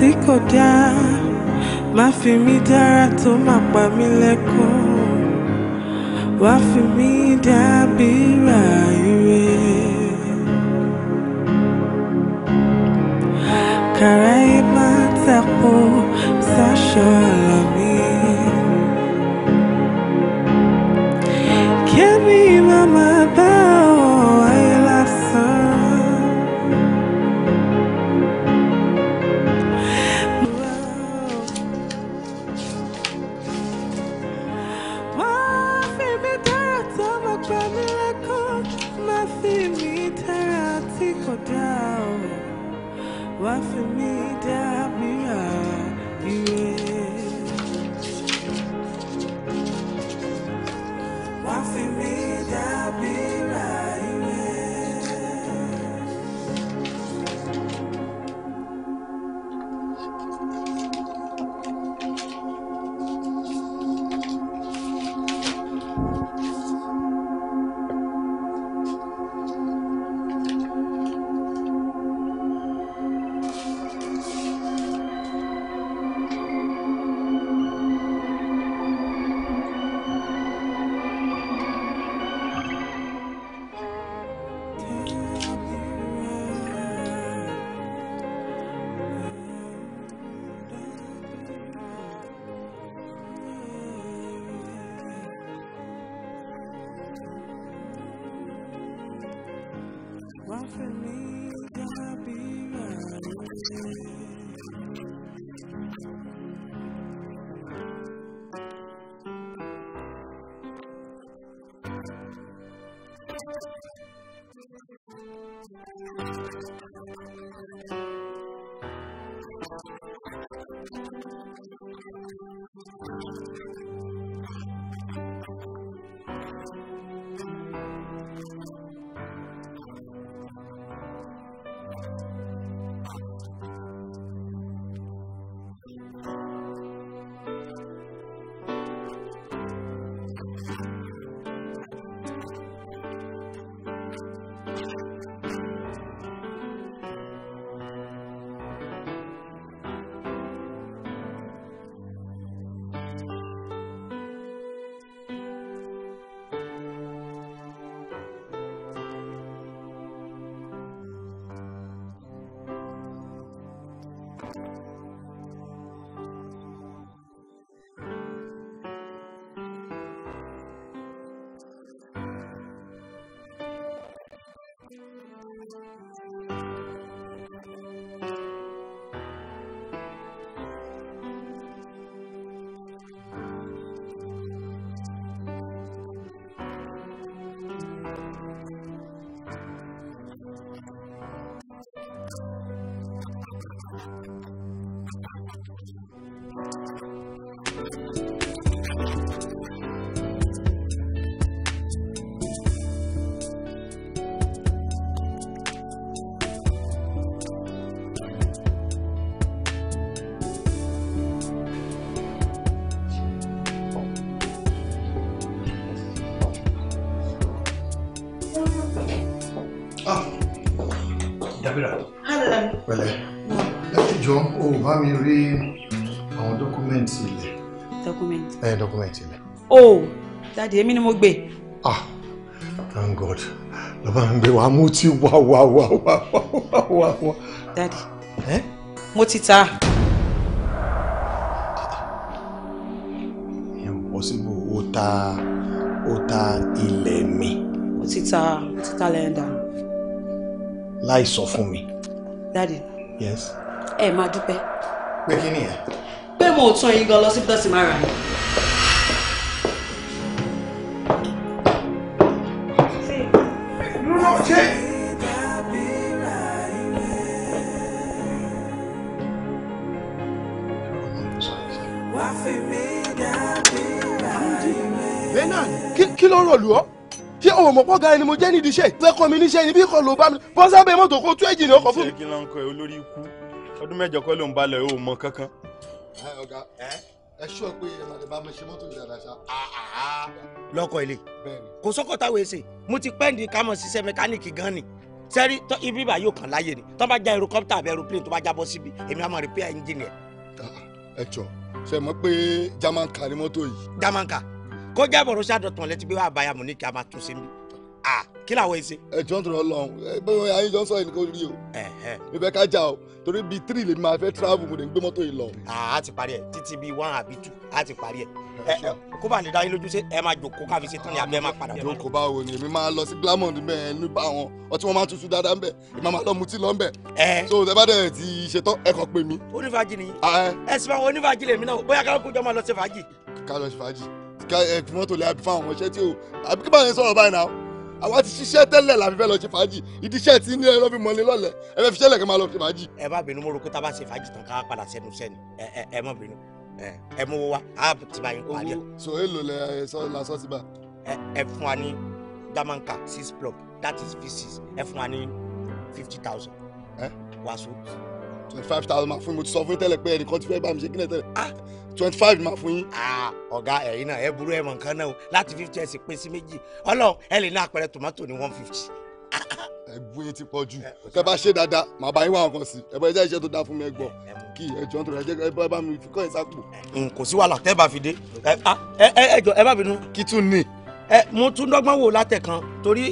tí kò dáa má fi mí dára tó má pa mí lẹ́kún wá fi mí dàbí ra ire. kàrá yìí máa tako sáṣọ ọ̀rọ̀ mi. Kẹ́mi máa máa. Thank you. Safira. Pẹ̀lẹ́. Ẹjọ́ o bá mi rí àwọn dọ́kúmẹ́ǹtì ilẹ̀. Dọ́kúmẹ́ǹtì. Ẹ dọ́kúmẹ́ǹtì ilẹ̀. O, dáàdi èmi ni mo Ah, thank God. Lọ́ba ń gbé wa, mo ti wá wá wá wá wá Daddy. wá. Dáàdi. Ẹ. Mo ti ta. Ìyẹn ò bọ́ síbò, o ta o ta ilẹ̀ mi. Mo ti ta, mo ti ta lẹ́yìn láì sọ fún mi. dadi. yes. ẹ máa dúpẹ́. pé kí nìyẹn. pé mo ò tán yín gan lọ sí bíọ́sì mara yín. Benan, kí ló ń rò lù ọ́? ṣé o mọ̀ pọ́ga ẹni mo jẹ́ nídìí iṣẹ́ ìfẹ́ kọ́ mi níṣẹ́ ni bí kò ló bá mi bọ́ sábẹ́ mọ́tò kó tú ẹ̀jìn ní ọkọ̀ fún mi. ṣé kí ló ń kọ ẹ olórí ikú ọdún mẹ́jọ kọ́ ló ń balẹ̀ o mọ kankan. ẹ ṣọ́ pé ìrọ̀lẹ́ bá mi ṣe mọ́tò ìdára ṣá. Ah, ah, ah. lọ́kọ̀ ilé kò sọ́kọ̀ táwọn èsè mo ti pẹ́ǹdì kámọ̀ ṣiṣẹ́ mẹkáníìkì gan ni sẹ́rí ibi bá yóò kàn láyé ni tó bá já helicopter àbí aeroplane tó bá jábọ́ síbi èmi á máa repair engine ẹ̀. ẹ jọ ṣe mọ̀ pé jamanka ni mọ́tò yìí. jamanka kọjá bọ̀rọ̀ṣà dọ̀tàn lẹ́tí pé wàá báyà mọ̀ ní kí a máa tún sí mi kí làwọn ẹ ṣe. ẹ jọ ń tọrọ lọrun bóyá ayé jọ ń sọ yìí nìkan rí o mi fẹ́ ká jà o torí bíi three lèmi máa fẹ́ travel mo lè gbé mọ́tò yìí lọ. a ti parí ẹ títí bíi one àbí two a ti parí ẹ kó bá lè dá yín lójú ṣé ẹ máa jòkó káfí ṣe tán ni àbí ẹ máa padà. jòkó báwo ni èmi máa lọ sí glamour bẹ́ẹ̀ ní bá wọn ọtí wọn máa tutù dáadáa ńbẹ èmi máa lọ mutí lọ ńbẹ. so ẹ bá dẹ̀ ti ṣetán ẹ kàn pè mí. onífàájì nìyí ẹ sì máa wọ onífàájì lèmi náà bóyá ká ló kó jọ máa lọ ṣe fàájì. ká lọ ṣe fàájì fi mọ́tò lé àbí fáwọn ọmọọṣẹ́ tí o àbí kí báwọn yẹn sọ̀rọ̀ báyìí náà àwa ti ṣiṣẹ́ tẹ́lẹ̀ la fẹ́ lọ ṣe fàájì ìdí iṣẹ́ tí ní ẹ lọ́ lọ́lẹ̀ ẹ fẹ́ fi ṣẹlẹ̀ kí máa lọ ṣe fàájì. ẹ má bínú mo rò pé tá a bá ṣe fàájì tán ká padà sẹ́nu sẹ́ni ẹ ẹ bínú ẹ mú wa á ti bá yín parí ẹ. so èlò lẹ sọ la sọ ẹ fún wa ní damanka six block that is v six ẹ fún wa ní fifty thousand. wàásù twenty five thousand máa fún mi mo ti sọ fún yín tẹ́lẹ̀ pé ẹnìkan ti fẹ́ bá mi ṣe kílẹ̀ tẹ́lẹ̀ ah twenty five máa fún yín. ọ̀gá ẹ̀yin náà ẹ burú ẹ̀ mọ̀ nǹkan náà o láti fifty ẹ̀ sì pín sí méjì ọlọ́run ẹ lè ní àpẹẹrẹ tòmátò ní one fifty. ẹ̀gbọ́n yẹn ti pọ̀ jù kẹ́ bá ṣe dáadáa màá bá yín wá nǹkan sí ẹ̀bọ̀ ẹ̀jẹ̀ iṣẹ́ tó dáa fún mi ẹ̀ gbọ́ kí ẹ̀jọ̀ ń tọrọ ẹ̀jẹ̀ bá mi kọ́ ẹ̀ sápò. kò sí wàhálà tẹ́ bá fi dé ẹ̀jọ̀ ah, ẹ bá bínú. kí tún ni. mo tún dọ́gbọ́n wò látẹ̀ kan torí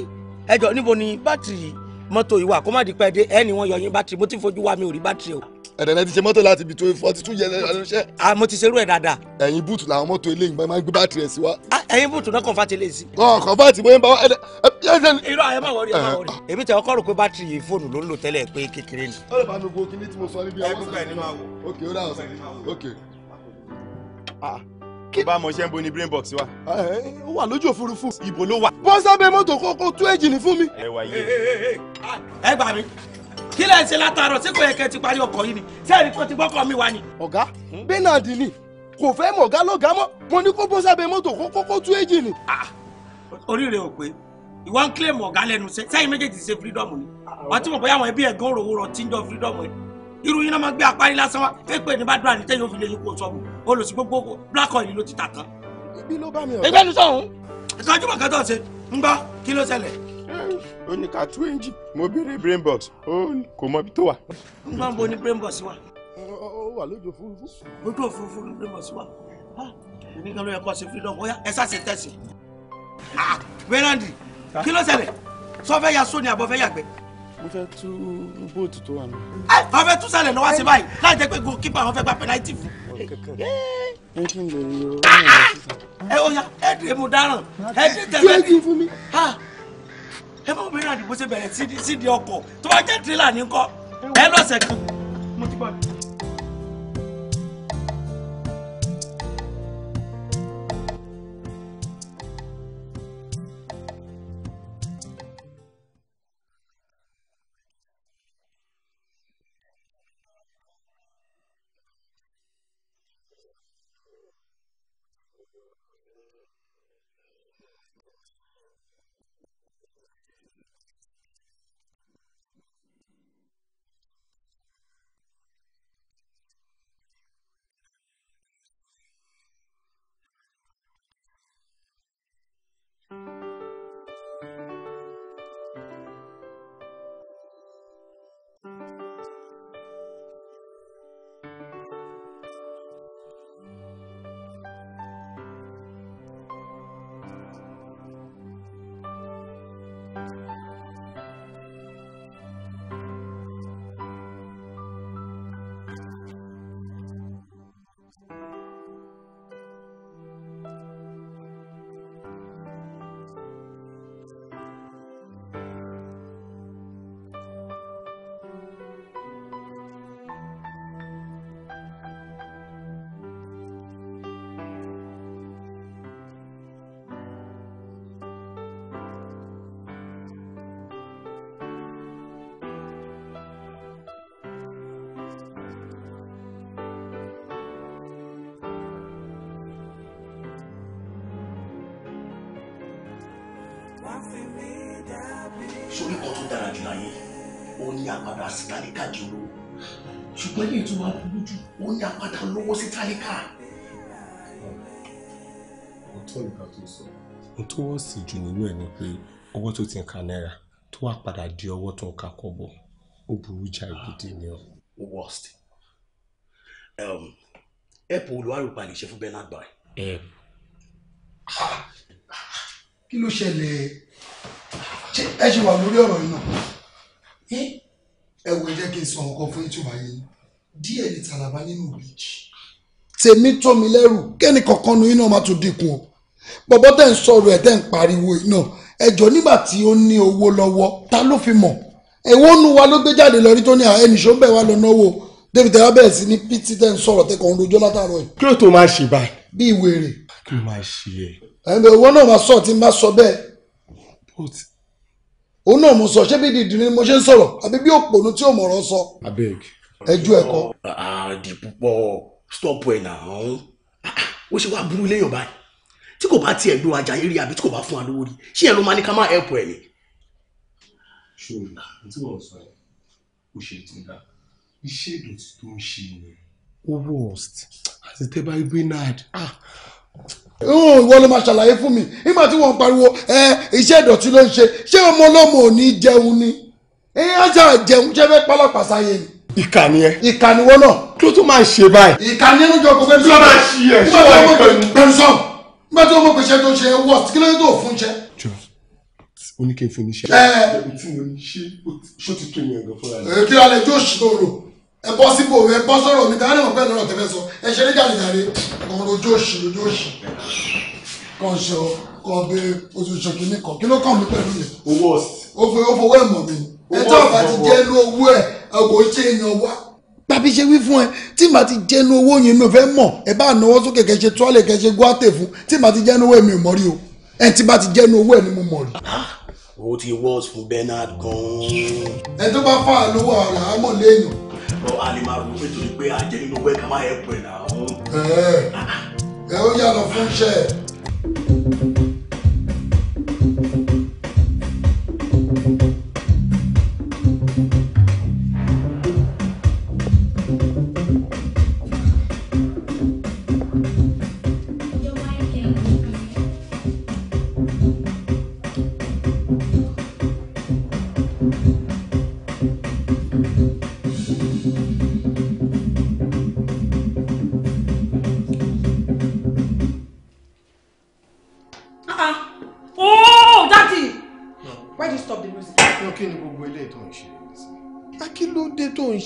ẹ̀jọ̀ níbo ni bátìrì mọ́tò ìwà kó má di pẹ́ dé ẹni wọn yọyìn bátìrì mo ti fojú wa mi ò rí bátìrì o. ẹ̀rẹ̀rẹ̀ ti ṣe mọ́tò láti ibi tó forty two yẹn lẹ́nu iṣẹ́. a mo ti ṣerú ẹ̀ dáadáa. ẹ̀yin búùtù làwọn mọ́tò eléyìí máa ń gbé bátìrì ẹ̀ sí wa. ẹ̀yin búùtù náà kọ̀ǹfà ti lè sí. ọ̀ kọ̀ǹfà ti bóyá ń bá wa irọ́ ayé má wọrí ẹ má wọrí. èmi tẹ ọkọ rò pé bátìrì fóònù ló ń lò tẹ́lẹ̀ pé kékeré ni. ó lè bá mi wo kinní tí mo sọ níbi àwọn ọ̀sán. ẹ kí. bá a mọ ṣe ń bo ni brain box wa. ẹ ó wà lójú òfurufú. ibo ló wà. bọ́sà bẹ mọ́tò kókó tú ẹ̀jìnì fún mi. ẹ wà yé. ẹ gbà mí kí lẹ ń ṣe látàárọ̀ tí kò yẹ kẹ́ ti parí ọkọ̀ yìí ni sẹ́ẹ̀rì kan ti gbọ́kọ̀ mi wá ni. ọ̀gá hmm? bernard ni kò fẹ́ mọ̀ ọ̀gá lọ́gàá mọ́ mo ní kó bọ́sà bẹ mọ́tò kókó kó tú ẹ̀jìnì. Ah, oríire ò pé ìwọ ń kílèmù ọ̀gá lẹ́nu sẹ́yìn méjèèjì ṣe freedom ni wọ́n ti mọ̀ bóyá àwọn ẹbí ẹ̀gán òròwòrò tí ń jọ freedom ẹ̀ irú yín náà máa gbé apárí lásán wá pépè ní bá dúrà ní tẹ́yìn òfin lè yí kó sọ́ọ̀bù olùsí gbogbo black oil ló ti tà tán. ibi ló bá mi ọ̀rẹ́. ẹgbẹ́ nu sọ̀hún. ìtọ́jú bàkà tó ṣe ń gbọ́ kí ló ṣẹlẹ̀. ó ní ká tú ẹ̀ǹjì mo béèrè brain box ó kò mọ ibi tó wà. ń gbọ́ bo ni brain box wà. ó wà lójú òfurufú. lójú òfurufú ni brain box wà. oníkan ah, ló yẹ kó ṣe freedom bóyá ẹ sá ṣe tẹ̀sí. Ah, wẹ́rẹ́ndì kí ló ṣẹlẹ̀ sọ fẹ́ ya sóni àbọ̀ fẹ́ yàgbẹ́ mo fẹ́ tú bóòtù tó wà nù. ẹ eh, ọ fẹ́ tú sálẹ̀ lọ́wọ́ sí báyìí láì jẹ́ pé goalkeeper wọn fẹ́ gba penalty fún ẹ kí n lè rí owó náà lọ sísan. ẹ ó yá ẹ dè mú dáràn ẹ dè tẹ̀lé mi. fún mi. ẹ bá obìnrin àdìgbò ṣe bẹ̀rẹ̀ sídìí ọkọ̀ tó bá jẹ́ tìrìlà ní kọ́ ẹ lọ́sẹ̀ kan. ó ní àpàdà sí tálíkà jù lọ ṣùgbọ́n ilé ìtura burú jù ó ní àpàdà lọ́wọ́ sí tálíkà. ọ̀tọ̀ ìgbà tó sọ. n tó wọ́n sì jù nínú ẹ̀ ni pé ọwọ́ tó ti ń ka náírà tó wá padà di ọwọ́ tó ń ka kọ́bọ̀ ó burú jáì gidi ni ọ. worst ẹ̀pù um, olùwárùpá lè ṣe fún bernard bai. ẹ̀pù. kí ló ṣẹlẹ̀ ẹ ṣe wà lórí ọ̀rọ̀ yìí náà ẹ wò ẹ jẹ́ kí n sọ nǹkan fún ìtura yìí díẹ̀ ní tàlàbà nínú ìbejì. tèmi tó mi lẹ́rù kẹ́ni kankan nu iná máa tún dínkù o bọ̀bọ́ tẹ̀ ń sọ̀rọ̀ ẹ̀ tẹ̀ ń pariwo iná ẹjọ́ nígbà tí ó ní owó lọ́wọ́ ta ló fi mọ̀ ẹ̀wọ́n nu wa ló gbé jáde lọ rí tó ní ẹnìṣó bẹ̀ wá lọ náwó david tẹ́lá bẹ̀rẹ̀ sí ní pt tẹ́ ń sọ̀rọ̀ tẹ́ kàn ń rojọ́ látàárọ̀ yìí. kí ló tó máa ṣe báyìí. bí ìwé rè. kí ló máa ṣe ẹ. ẹ̀wọ́n náà máa sọ tí n bá sọ bẹ́ẹ̀ òun náà mo sọ ṣé bí dìdì ni mo ṣe ń sọ̀rọ̀ àbí bí òpònú tí òmòràn sọ. abeg. ẹjú ẹ̀kọ́. àdì ah, ah, púpọ̀ stop ẹ̀ náà ah, ó ṣe wá burú léèyàn báyìí tí kò bá tiẹ̀ gbé wa jà eré àbí tí kò bá fún wa lówó rí ṣé ẹ̀ ló máa ní ká má help ẹ̀ ni. ṣùgbọ́n tí wọ́n sọ ẹ̀ kò ṣe tó dáa iṣẹ́ ìdọ̀tí tó ń ṣe ni. ó worst àti tẹ́ bá náà ìwọ ló máa ṣàlàyé fún mi nígbà tí wọ́n pariwo ẹ iṣẹ́ ìdọ̀tí ló ń ṣe ṣé ọmọ ọlọ́mọ ò ní jẹun ni ẹ á jà jẹun ṣé fẹ́ pálọ̀pàá sáyé ni. ìkà ni ẹ. ìkà ni wọ́n náà. kí ló tún máa ṣe báyìí. ìkà ni ẹnu jọ kò fẹ́ bí ọba ṣì ẹ ṣé wà ní pẹ̀lú. nígbà tí wọ́n mọ̀ pé ṣe tó ṣe wọ̀ kí ló tó fún ṣe. ó ní kí n fún ní ṣe. ẹ ẹ ṣó ti tó ìyẹn gan fúnra rẹ. èdè alẹ́ tó ṣòro ẹ bọ́ sípò ẹ bọ́ sọ̀rọ̀ mi dáná mọ̀ pẹ̀lú ọ̀rọ̀ tẹ́fẹ́ sọ ẹ ṣe nígbà nígbàre kàn rojú òṣì rojú òṣì kàn ṣe kàn bẹ oṣooṣù kìíní kan kí ló kàn mí pẹ̀lú yẹn. owó ọ̀sì. ó fowó ẹ̀ mọ̀ mi ẹ tó àbá ti jẹ́ inú owó ẹ̀ kò ṣe èèyàn wá. tàbí ṣe wí fún ẹ tí màá ti jẹ́ inú owó yẹn mi ò fẹ́ mọ̀ ẹ bá náwó sókè kẹ́ ṣe tọ́lẹ̀ kẹ́ ṣe guate fún tí màá ti jẹ́ inú owó ẹ̀ mi ò mọ̀ rí o ẹ ti bá ti jẹ́ inú owó ẹ̀ ni mo mọ̀ rí ó ti wọ́ọ̀sì fún Bernard gan-an. ẹ tó bá fà á lówó àrà á mọ̀ léèyàn bọ́ a lè máa rò pé àjẹ nínú wẹ́ máa ẹ̀pọ̀ ẹ̀ náà. ẹ ó yà lọ fún iṣẹ́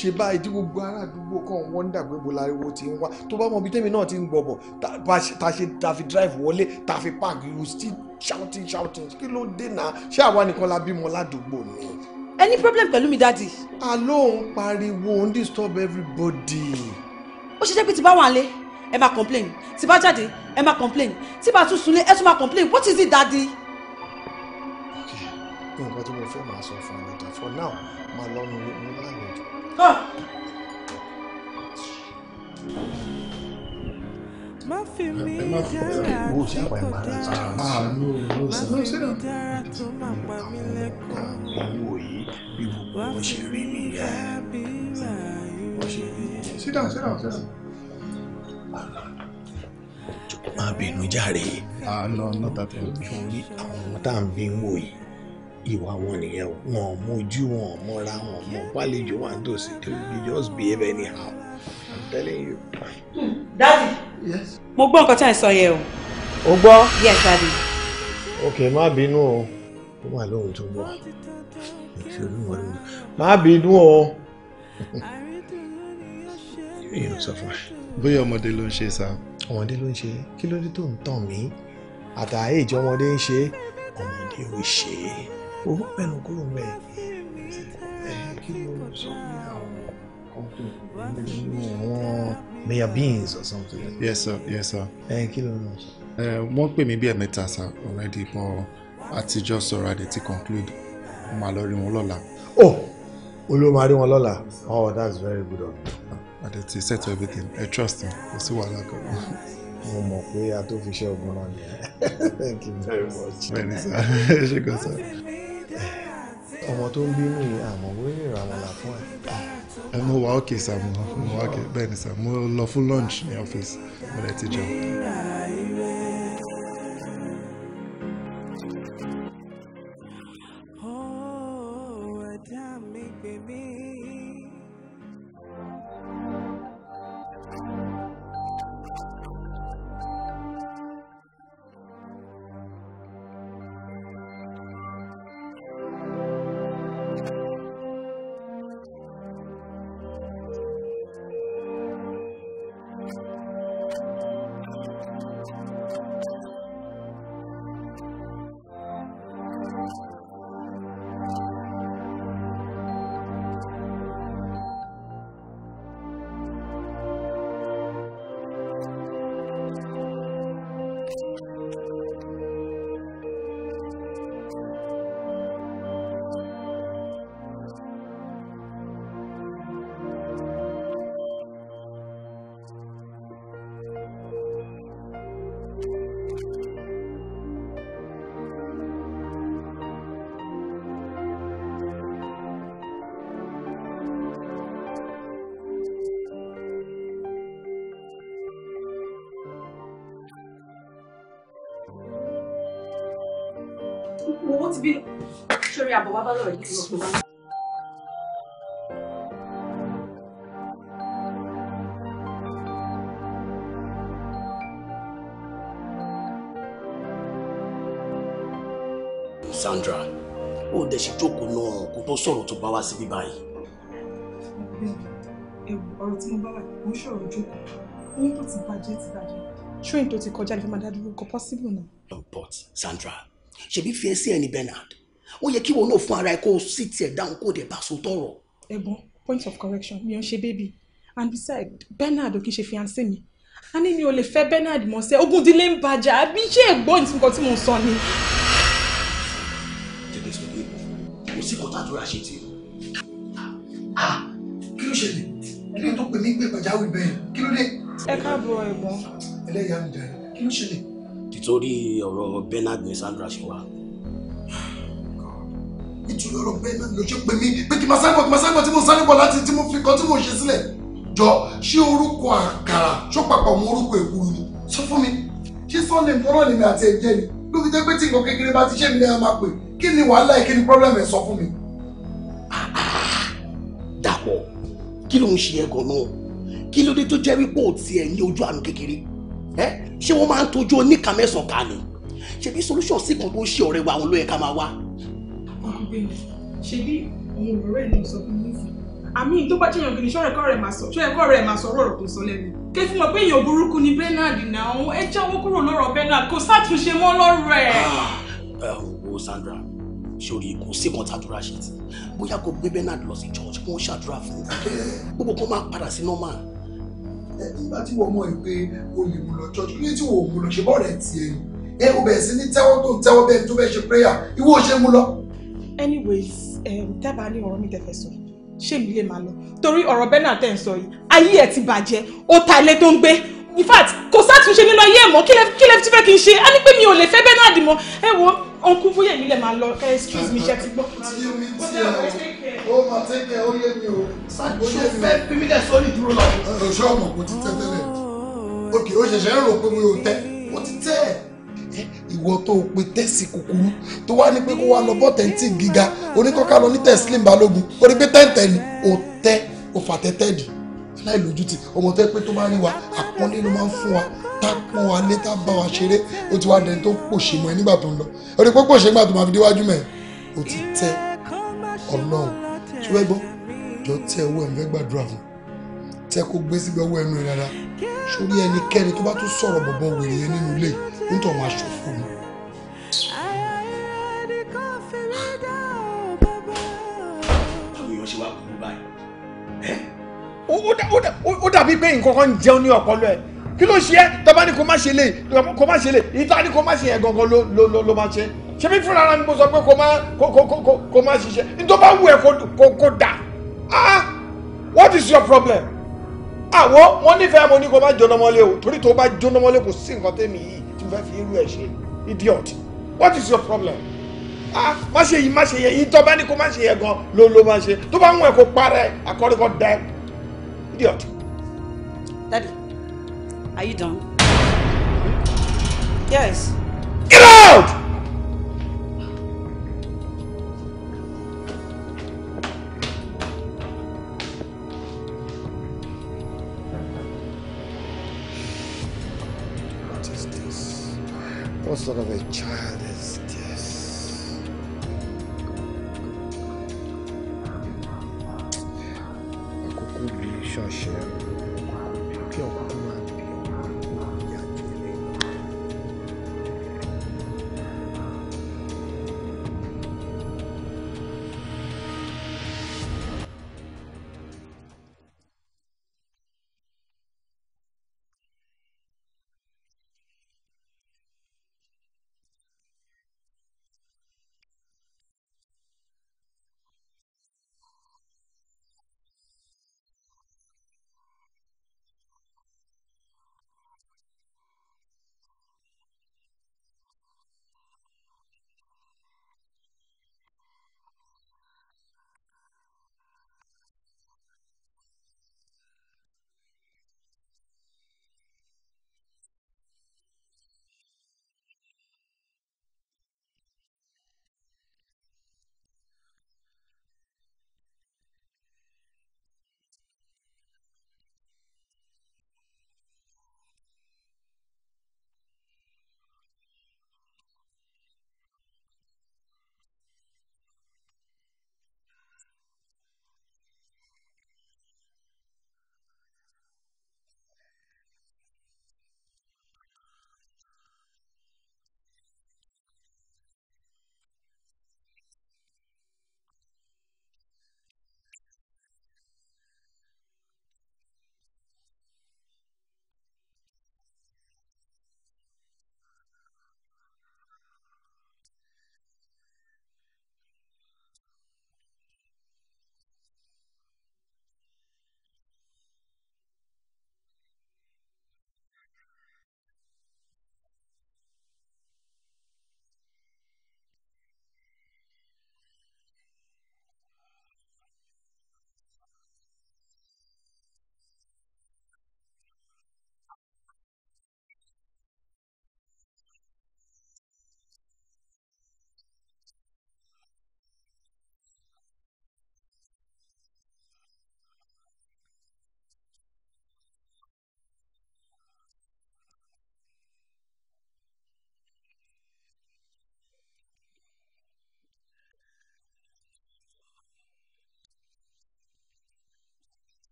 ṣe báyìí tí gbogbo ará àdúgbò kan wọ́n ń dàgbé bo láriwo ti ń wá tó bá mọ ibi tẹ́mi náà ti ń gbọ̀bọ̀ ta ṣe ta fi drive wọlé ta fi park you still shouting shouting kí ló dé ṣé àwa nìkan la bímọ ládùúgbò ni. ẹ problem pẹ̀lú mi dáàdì. àló ń pariwo ń disturb everybody. ó ṣe jẹ́ pé ti bá wà lé ẹ máa complain tí bá jáde ẹ máa complain tí bá tún sunlé ẹ tún máa complain what is it daddy. ok nǹkan tí mo fẹ́ máa sọ fún ẹ níta for now máa lọ́nu ní láàyè má fi mí dára tó kò pa mí lẹ́kọ̀ọ́ Má bínú jàre. Àná náà tá à ń bí wò yìí ìwà wọn nìyẹn o wọn ò mójú wọn ò mọra wọn ò mọ pálíjù wọn tó sì do you just behave anyhow i'm telling you. Hmm. dadi mo gbọ́ nǹkan tí à yẹn o. o gbọ́. yes dadi. ok má bínú o ó wà lóhun tó gbọ́ ìṣòro wọn ló má bínú o. èèyàn sọ fún mi. bóyá ọmọdé ló ń ṣe sá. ọmọdé ló ń ṣe kí ló dé tó ń tàn mí àtàyè ìjọmọdé ń ṣe ọmọdé ò ṣe é o pẹ̀lú kúrò mẹ́ ẹ̀ kí ló sọ pé àwọn mayor beans or something. yes sir yes sir. ẹ kí ló lọ sọ. wọ́n pè mí bí ẹ̀mẹ́ta sir already but àtijọ́ sọ̀rọ̀ àdè ti conclude mo máa lọ rí wọn lọ́la. oh olú máa rí wọn lọ́la oh that's very good of you. àdè ti settle everything I trust me kò sí wàhálà kan mo mọ̀ pé a tó fi ṣe ọgbọ́n náà nìyẹn thank you very much. bẹ́ẹ̀ni sá ṣe gan sá ọmọ tó ń bínú yìí àmọ́ ó lè ra àmàlà fún ẹ. ẹ mo wà ókè sàmú wà ókè bẹ́ẹ̀ sàmú lọ fún lunch ní ọ́fíìsì mo lè ti jẹun. ti bí sórí àbọ̀ wá bá lọ́rọ̀ yìí kí wọ́n fi Sandra ó dẹ̀ ṣe jókòó náà kó tó sọ̀rọ̀ tó bá wá síbí báyìí. ewu ọ̀rọ̀ tí mo bá wà kò ń ṣọ̀rọ̀ jókòó ohun tó ti bàjẹ́ ti bàjẹ́. ṣóyìn tó ti kọjá lè fi máa dá dúró kò possible náà. but Sandra ṣebí fi ẹsẹ̀ ẹ̀ ní Bernard ó yẹ kí wọn náà fún ara ẹ kó sì tiẹ̀ dáhùn kó dẹ̀ bá so tọrọ. ẹ̀gbọ́n point of correction mi ò ṣe bébì and besides Bernard ò kì í ṣe fiancé mi a ní mi ò lè fẹ́ Bernard mọ́ sẹ́ ogun ìdílé ń bàjẹ́ àbí ṣé ẹ̀gbọ́n nǹkan tí mo sọ ni. tètè sọ pé kò sí kọ́tà tó rà ṣe tiẹ̀. Ah, ah, kí ló ṣẹlẹ̀ kí ló tó pè mí pé pàjáwìrì bẹ́ẹ̀ kí ló dé. ẹ káàbọ̀ ẹ̀gbọ́n. ẹlẹ́yàá mi dàrú kí ló ṣẹlẹ̀ títorí ọ̀rọ̀ Bernard ní Sandra ṣe wá. nítorí ọ̀rọ̀ Bernard ló ṣe pè mí pé kí n máa sáré bọ̀ kí n máa sáré bọ̀ tí mo sáré bọ̀ láti tí mo fi kan tí mo ṣe sílẹ̀ jọ ṣé orúkọ àkàrà ṣó papọ̀ mọ́ orúkọ èkuru ni sọ fún mi ṣé sunday mọ́rọ̀ ni mi àti ẹ̀jẹ̀ ni ló fi jẹ́ pé tí nǹkan kékeré bá ti ṣe mí ni a máa pè kí ni wàhálà yìí kí ni problem ẹ̀ sọ fún mi. dàpọ̀ kí ló ń ṣe ẹ̀ gan kí ló dé tó jẹ́ wípé ò tiẹ̀ ní ojú àánú kékeré ṣé wọ́n máa ń tọ́jú oníkà mẹ́sàn-án ká ni ṣebí solution sí kan tó ṣe ọ̀rẹ́ wa àwọn olóyè ká máa wá. ṣebí òun ọ̀rẹ́ ni sọ fún mi fún àmì tó bá jẹyàn kì ní ṣọ́rẹ̀ kọ́ rẹ̀ máa sọ ṣọ́rẹ̀ kọ́ rẹ̀ máa sọ ọ̀rọ̀ tó sọ lẹ́nu. ké fún ọ pé èèyàn burúkú ni Bernard náà ẹ jáwọ́ kúrò lọ́rọ̀ Bernard kò sátúnṣe mọ́ lọ́rọ̀ ẹ̀. Ah, eh, wo Sandra sori kò sí kan tàdúrà ṣe tí bóyá kò gbé Bernard lọ sí church kó ń ṣàdúrà fún un gbogbo kan máa padà sí normal ìgbà tí wọ́n mọ̀ pé o lè mú lọ church kí tí wọ́n mú lọ ṣe bọ́ọ̀rẹ̀ tiẹ̀ ni ẹ o bẹ̀rẹ̀ sí ní tẹ́wọ́ tó tẹ́wọ́ bẹ́ẹ̀ tó bẹ́ẹ̀ ṣe prayer ìwọ ṣe mú lọ. anyways dábàá ní ọ̀rọ̀ mi tẹ̀fẹ̀ sọ ṣé mi lè máa lọ torí ọ̀rọ̀ bẹ́ẹ̀ náà tẹ̀ ń sọ yìí ayé ẹ̀ ti bàjẹ́ ó ta ilé tó ń gbé in fact kò sátúnṣe nínú ayé ẹ̀ mọ́ kí lẹ ti fẹ́ kí n ṣe á ní pé mi ò lè fẹ́ bẹ́ẹ̀ náà dì mọ́ ẹ wo ọkùn fúyẹ̀ mi lẹ̀ máa lọ ẹ excuse me ṣe ti gbọ́. ayé mi ti ẹ o ó máa tẹ́kẹ̀ ó yé mi o. ṣé fẹ́ pínpínlẹ̀ sọ́ọ́lì dúró lọ. ọ̀ṣọ́ ọmọ kò ti tẹ́ tẹ́lẹ̀ òkè ó ṣẹ̀ṣẹ̀ ń rò pé mi ò tẹ́ ó ti tẹ́ ìwọ tó o pe tẹ́sì kúkúrú tó wá ní pé kó wá lọ bọ́ tẹ́ǹtì gíga oníkọ́ká lọ ní tẹ̀sílìm balógun ó ní pé tẹ́ǹtẹ̀ ni ò tẹ́ ò fàtẹ́tẹ́ dì láì lójútì ọmọ tẹ́ pé tó bá rí wa àpọ́nlé ló máa ń fún wa tá pọ́n wa lé tá bá wa ṣeré ó ti wá dẹni tó pòṣè mọ́ ẹ nígbà tó ń lọ ó pé pòṣè nígbà tó máa fi déwájú mẹ́ ó ti tẹ ọlọ́run ṣùgbọ́n gbọ́ jọ tẹ owó ẹ̀mí gbàdúrà fún tẹ kó gbé síbi ọwọ́ ẹnu rẹ̀ rárá sórí ẹnikẹ́ni tó bá tún sọ̀rọ̀ bọ̀bọ̀ wèrè yẹn nínú ilé nítorí àwọn aṣòfò mi ó dàbí pé nǹkan kan ń jẹun ní ọpọlọ ẹ kí ló ṣe ẹ tọba ni kò má ṣe lè kò má ṣe lè ìta ni kò má ṣe yẹn gangan ló ló ló ló má ṣe ṣé bí fúnra ara ni mo sọ pé kò má kò kò kò kò má ṣiṣẹ́ nítorí bá wù ẹ kò kò kò dà ah what is your problem àwọn ah, wọn nífẹ̀ẹ́ mo ní kò má jóná mọ́lé o torí tó bá jóná mọ́lé kò sí nǹkan tẹ́mi yìí tí mo fẹ́ fi irú ẹ̀ ṣe idiot what is your problem ah má ṣe yìí má ṣe yẹ ìtọ́ bá ní kò má ṣe yẹ gan ló ló má ṣe tó bá wù ẹ kò parẹ́ àkọ́rí kò dẹ́ idiot. Daddy, are you done? Yes. Get out! What is this? What sort of a child is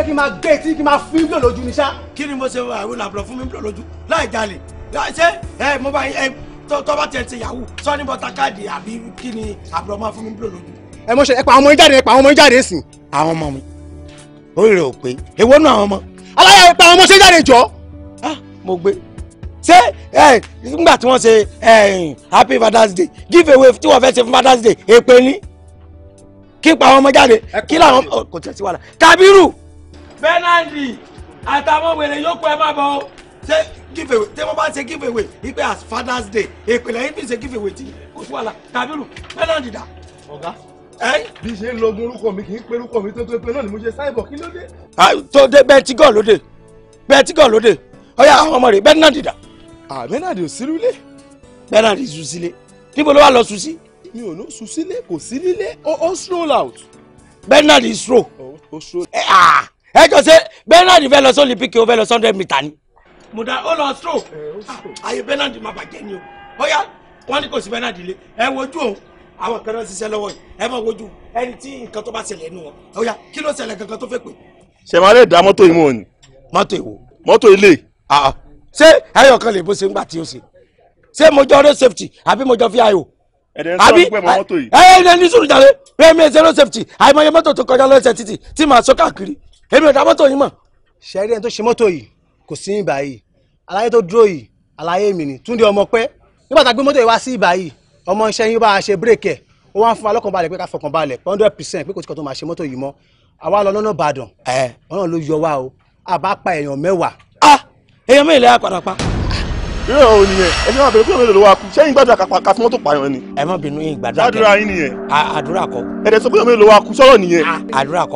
fẹ́ kí n máa gé etí kí n máa fún bílò lójú ni ṣá. kí ni mo ṣe àwọn làbúrò fún mi bílò lójú láì jalè ṣé ẹ mo bá ẹ tó bá tiẹ̀ ti yahoo sọ ní bọ́tà káàdì àbí kí ni àbúrò máa fún mi bílò lójú. ẹ mọ ṣe ẹ pa àwọn ọmọ yín jáde ẹ pa àwọn ọmọ yín jáde sìn. àwọn ọmọ mi ó rè ó pé èwo nù àwọn ọmọ aláya ẹ pa àwọn ọmọ ṣe jáde jọ. Ah, mo gbé ṣé ẹ nígbà tí wọ́n ṣe ẹ happy father's day give away tí wọ́n fẹ́ ṣe fún father's day èpè ni kí pa àwọn ọmọ jáde kí làwọn kò tẹ̀síwájú kábírù bernardi àtàwọn wèrè yòókù ẹ má bọ̀ o. ṣé give away tí wọ́n bá ṣe give away ipe as father's day ìpìlẹ̀ yín fi ṣe give away ti kò sí wàhálà Kábírù bernardi dà. ọ̀gá bí ṣe ń lo ogun orúkọ mi kì í pe orúkọ mi tó tó pe náà ni mo ṣe sáìbọ̀ kí ló dé. tó dé lóde lóde àwọn ọmọ rẹ bernardi dà. bernardi ò ilé. sùn sílé níbo ló wà lọ sùn sí. mi ò ní sùn sílé kò sí nílé ó stroll out. stroll. ẹ jọ ṣe Bernard fẹ́ lọ sí olympic ó fẹ́ lọ sí hundred meter ni. mo da ó lọ stroke ah, ayé Bernard máa bàjẹ́ ni o bóyá wọ́n ní kò sí Bernard lé ẹ wojú òun àwọn kan náà ṣiṣẹ́ lọ́wọ́ yìí ẹ máa wojú ẹni tí nǹkan tó bá ṣẹlẹ̀ nù wọn ọ̀yà kí ló ṣẹlẹ̀ gangan tó fẹ́ pè. ṣe máa lè dá mọ́tò yìí mọ́ ni. mọ́tò ìwò. mọ́tò ilé. Ah, ah. ṣé ẹyọ kan lè bó ṣe ń gbà tí ó ṣe ṣé mo jọ road safety àbí mo jọ fíayò àbí ẹ ẹ ní sùúrù safety àìmọye mọ́tò tó kọjá lọ́sẹ̀ títì tí èmi ò dá mọ́tò yìí mọ̀. ṣẹ́rí ẹni tó ṣe mọ́tò yìí kò sí ìbà yìí aláyé tó dúró yìí aláyé mi ni túndé ọmọ pẹ́ nígbà tá a gbé mọ́tò yìí wá sí ìbà yìí ọmọ iṣẹ́ yín bá a ṣe bírèkì ẹ̀ ó wá ń fún wa lọ́kàn balẹ̀ pé ká fọkàn balẹ̀ hundred percent pé kò tí kan tó máa ṣe mọ́tò yìí mọ́ àwa lọ lọ́nà ìbàdàn ọ̀nà ló yọ wá o àbá pa èèyàn mẹ́wàá. Ah! èèyàn mẹ́rin lẹ́yà padà pa. yóò ò nìyẹn ẹ ṣe máa bèrè pé òun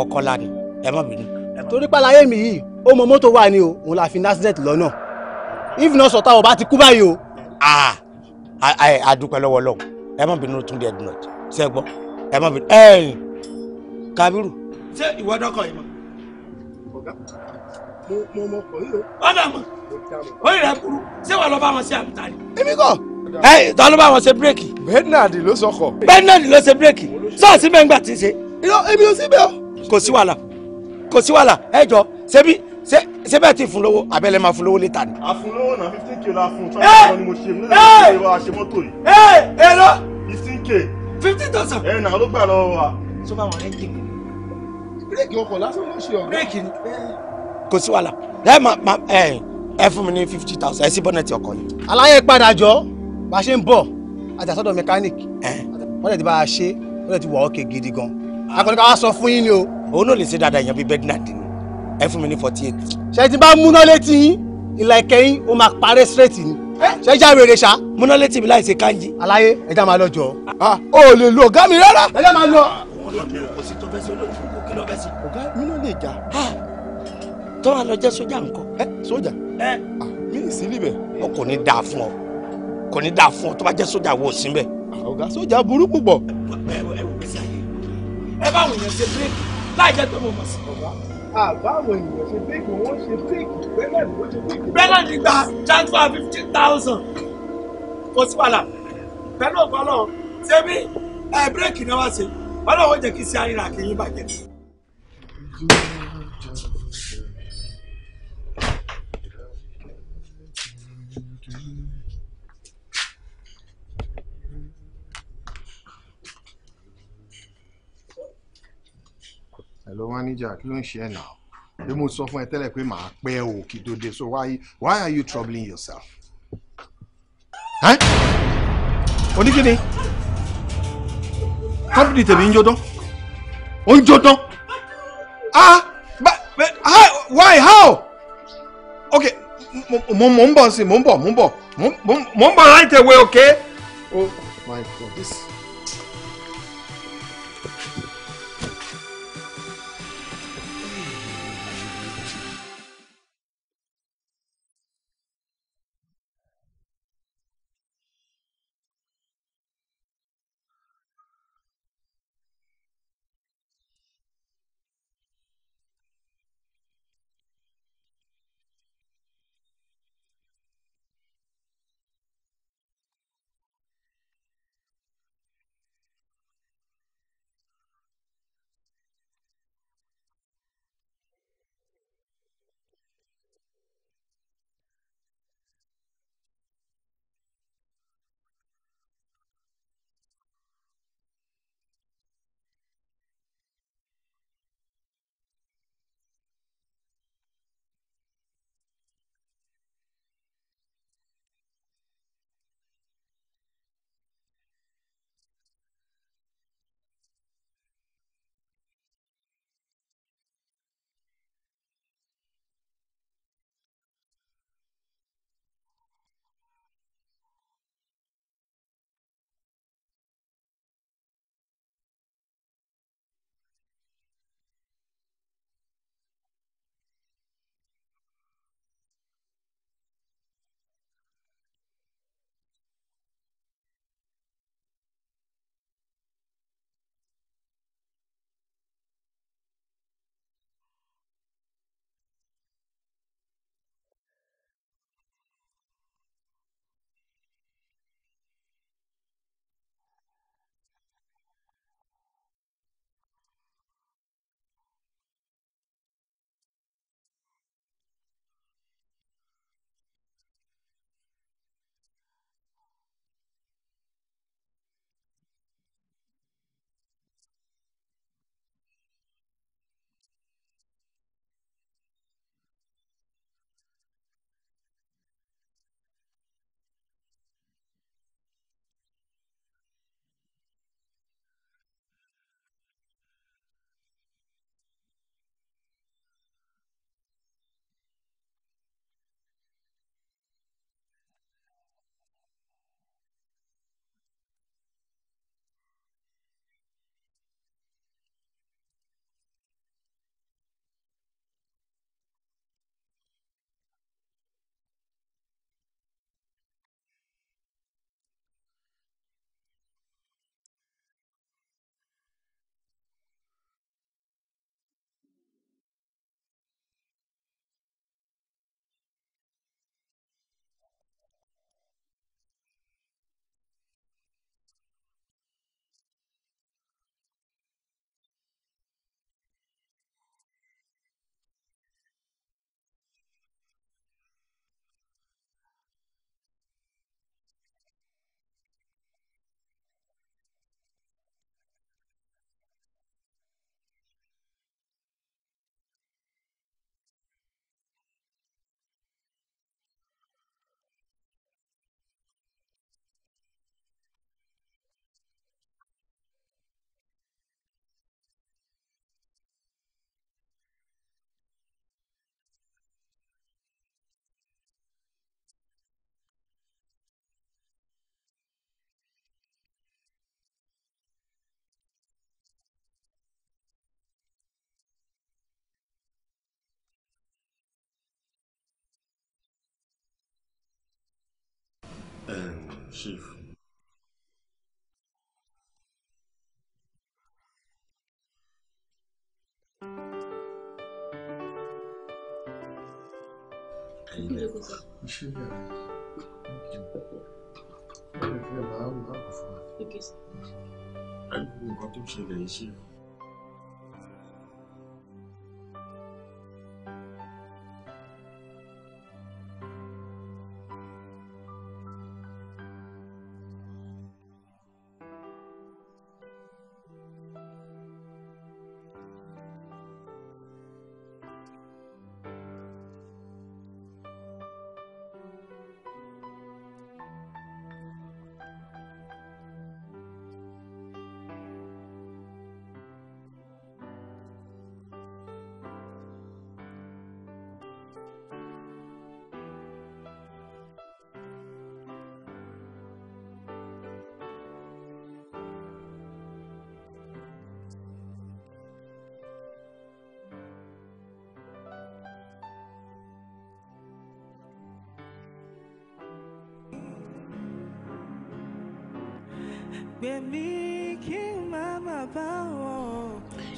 ló wá ẹ má bínú torí pàlàyé mi yìí ó mọ mọ́tò wà ní o òun la fi ní accident lọ́nà if not sọ̀tà ọba ti kú báyìí o. àdúpẹ́ lọ́wọ́ lọ́wọ́ ẹ má bínú tún di ẹ̀dùn náà ṣe gbọ́ ẹ má bínú ẹ̀yìn Kábírù. ṣé ìwọ dọkọ yìí mọ. ọ̀gá mo mọ ọmọkọ yìí o. ọ̀dà mọ̀ orí rẹ̀ burú ṣé wà lọ bá wọn ṣe àmì tani. èmi kọ́ ẹ ta ló bá wọn ṣe bírèkì. Bernard ló sọkọ. Bernard ló ṣe bírèkì sọ́ọ̀sì mẹ́ngbà ti ṣe. èmi ò sí o. kò sí wàhálà kò sí wàhálà ẹ jọ ṣebí ṣe bẹ́ẹ̀ ti fún lówó abẹ́lẹ́ máa fún lówó létà ni. a fún lówó náà fifteen k la fún twenty ni mo ṣe mo náà wa ṣe mọ́tò yìí. ẹ ẹ lọ. fifteen k. fifty thousand. ẹ na ló gbà lọ́wọ́ wa. sọ fún àwọn ẹnjìn mi. bírèkì ọkọ̀ lásán ló ṣe ọ̀rọ̀. bírèkì ni. kò sí wàhálà ẹ máa máa ẹ ẹ fún mi ní fifty thousand ẹ sí bọ́nẹ̀tì ọkọ̀ yìí. aláyẹ̀ padà jọ bá a ṣe ń bọ̀ àtàsọ́dọ̀ mechanic wọ́n dẹ̀ ti bá a ṣe wọ́n dẹ̀ ti wà ọ́kẹ́ gidi gan-an akọni ká wá sọ fún yín ni o òun náà lè ṣe dáadáa èèyàn bíi bednard ni ẹ fún mi ní forty eight. ṣe ti bá múná létí yín ìlà ìkẹyìn ó máa parẹ́ straight ni ṣe já rere ṣá. múná létí mi láì kanji. aláyé ẹ já máa lọ jọ. o ò lè lu ọ̀gá mi rárá. ẹ já máa lọ. ọ̀gá mi náà lè jà. tó wàá lọ jẹ́ sójà nǹkan. sójà. mi ì sí níbẹ̀. o kò ní dáa fún ọ kò ní dáa fún ọ tó bá jẹ́ sójà wo sí bẹ́ẹ̀. ọ̀gá sójà burú púpọ̀. ẹ bá wùyàn ṣe bírèkì láì jẹ́ pé mo mọ̀ sí. àbáwọn ènìyàn ṣe bíìkì wọn ṣe bíìkì bẹ́lẹ̀ ló ṣe bíìkì. bẹ́lẹ̀ ní gba transfer fifteen thousand kò sí wàhálà pẹ̀lú ògbọ́n náà ṣé bí ẹ bírèkì náà wá sí ọlọ́wọ́ jẹ́ kí sí ayé rà kí yín bàjẹ́. hello manager kí ló ń ṣe ẹ̀ náà bí mo sọ fún ẹ tẹ́lẹ̀ pé màá pẹ́ o kí tó dé so why why are you troubling yourself? oníkíni tábìlì tèmi ń jó dán ó ń jó dán ah but why how okay mo mo ń bọ̀ sí mo ń bọ̀ mo ń bọ̀ mo ń bọ̀ right away okay. oh my god this. 嗯，是。哎，你咋不走？是呀。你别别忙，不活。你嗯，我多联系联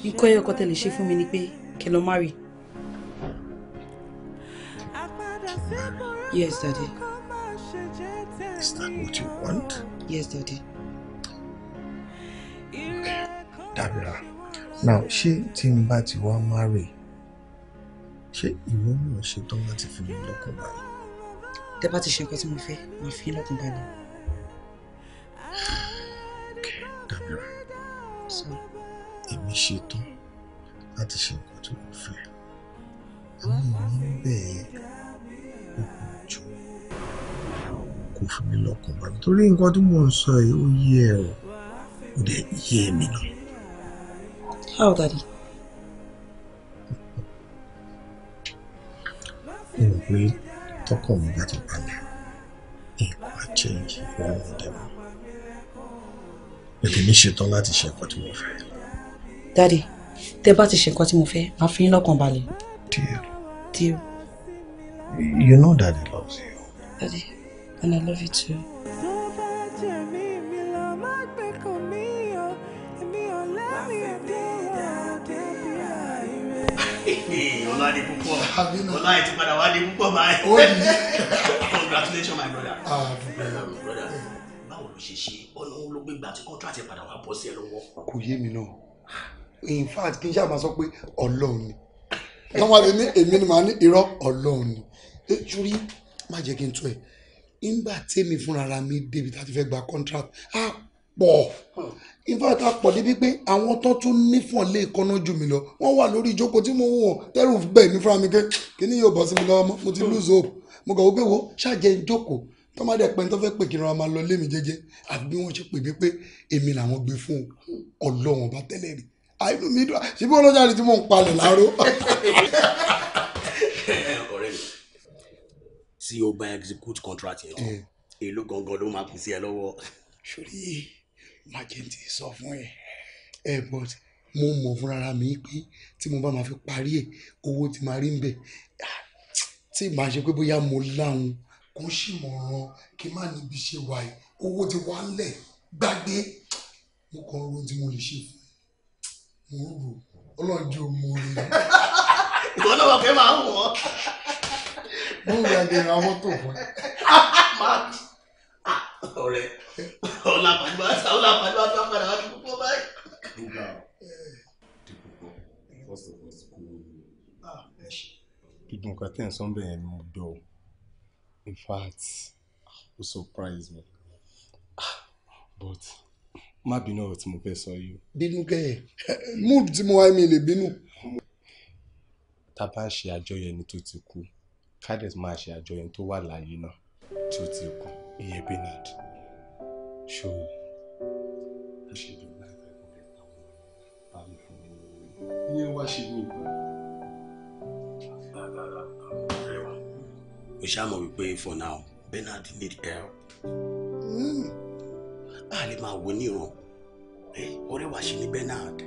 nǹkan ẹyọ kan tẹ́ lè ṣe fún mi ni pé kẹ́ lọ marry. Yes, Daddy. Is that what you want? Yes, Daddy. Okay. Dabira, now ṣé tí n bá ti wá marry ṣé ìwọ náà ṣetán láti fi mi lọ́kàn balẹ̀. Tẹ́ bá ti ṣe nǹkan tí mo fẹ́, mo fi lọ́kàn balẹ̀. ṣetán láti ṣe nǹkan tó kù fẹ́ àwọn èèyàn bẹ́ẹ̀ òkú jù kò fi mí lọ́kàn bá mi torí nǹkan tí mò ń sọ yìí ó yé ẹ o ó dẹ̀ yé mi náà. How, Daddy? mo rò pé tọkọ mi bá ti balẹ̀ nǹkan àjẹyìn ìwọ́n ọ̀dẹ̀ mọ́ ètò mi ṣetán láti ṣe nǹkan tí mo fẹ́. Daddy, tẹ bá ti ṣe nǹkan tí mo fẹ́ máa fi yín lọ́kàn balẹ̀. dear dear you know daddy loves you. daddy and i love you too. ọláde púpọ̀ ọláde ti padà wáde púpọ̀ báyìí congratulations my brother. Ah, brother brother. báwo ló ṣe ṣe ọ̀nà òun ló gbégbá tí contract padà my bọ́ sí ẹ lọ́wọ́. kò yé mi náà in fact kí n ṣáà máa sọ pé ọlọ́run ni tọ́wọ́ lè ní èmi ni màá ní irọ́ ọlọ́run ni nítorí má jẹ́ kí n tó ẹ̀ nígbà tèmi fúnra mi débi tá a ti fẹ́ gba contract á pọ̀ in fact á pọ̀ débi pé àwọn tó tún nífọ̀n lè kọ́nà jù mí lọ wọ́n wà lórí ìjókòó tí mo ń wọ̀ tẹ́rù bẹ̀ mí fúnra mi pé kí ni yóò bọ́ sí mi lọ́wọ́ mọ́ mo ti lose hope mo gbà wọ́n pé wo ṣáàjẹ́ ìjókòó tó má dẹ̀ pẹ́ tó fẹ́ pè kí n ra máa lọ lé mi jẹ́jẹ́ àbí bí wọ́n ṣe pè mí pé èmi làwọn gbé fún ọlọ́run bá tẹ́lẹ̀ rí àìnú mi dùn ṣé bí ọlọ́jà rí tí mò ń palẹ̀ láró. ọ̀rẹ́ mi tí o bá execute contract yẹn tán eh. èlò gangan ló máa kù sí ẹ lọ́wọ́. sori májèntì sọ fún ẹ ẹ eh, but mo mọ̀ fúnra mi pé tí mo bá máa fi parí ẹ̀ owó tí máa rí ń bẹ̀ ah, tí màá ṣe pé bóyá mo láwọn kò sì mọ̀ ràn kí n má níbi ṣe wà owó ti wá ń lẹ̀ gbàgbé mo kàn ń ro ohun tí mo lè ṣe fún mo ń rò ọlọ́njẹ́ mo rò rẹ̀. ìwọ náà wọ́n fẹ́ máa ń wọ̀ ọ́. mo ń ra ẹni ra mọ́tò fún ẹ. ọ̀rẹ́ ọ̀làpàdé wa sá ọ̀làpàdé wa sá padà wá ti púpọ̀ báyìí. dùgbà ti púpọ̀ fọ́sọ̀ fọ́sọ̀ kúrò ní ẹ̀ṣẹ̀. gbogbo nǹkan tẹ̀ ń sọ bẹ́ẹ̀ ni mo gbọ́ in fact ó surprise me ah, but má bínú ọ̀rọ̀ tí mo fẹ́ sọ yìí. bínú kẹ́ẹ̀ mood tí mo wá mi lè bínú. tá a bá ń ṣe àjọyọ̀ ẹni tó ti kú kádẹ́t máa ṣe àjọyọ̀ ẹni tó wà láàyè náà tí ó ti kú ìyẹn Bernard ṣó a ṣe bí wọn láti ẹ̀kọ́ rẹ̀ táwọn bá mi fún mi. ìyẹn wá ṣe mí. o ṣáà mọ̀ wípé for now Bernard need help. Mm a lè máa wò níran ọ̀rẹ́ wa ṣe ní Bernard.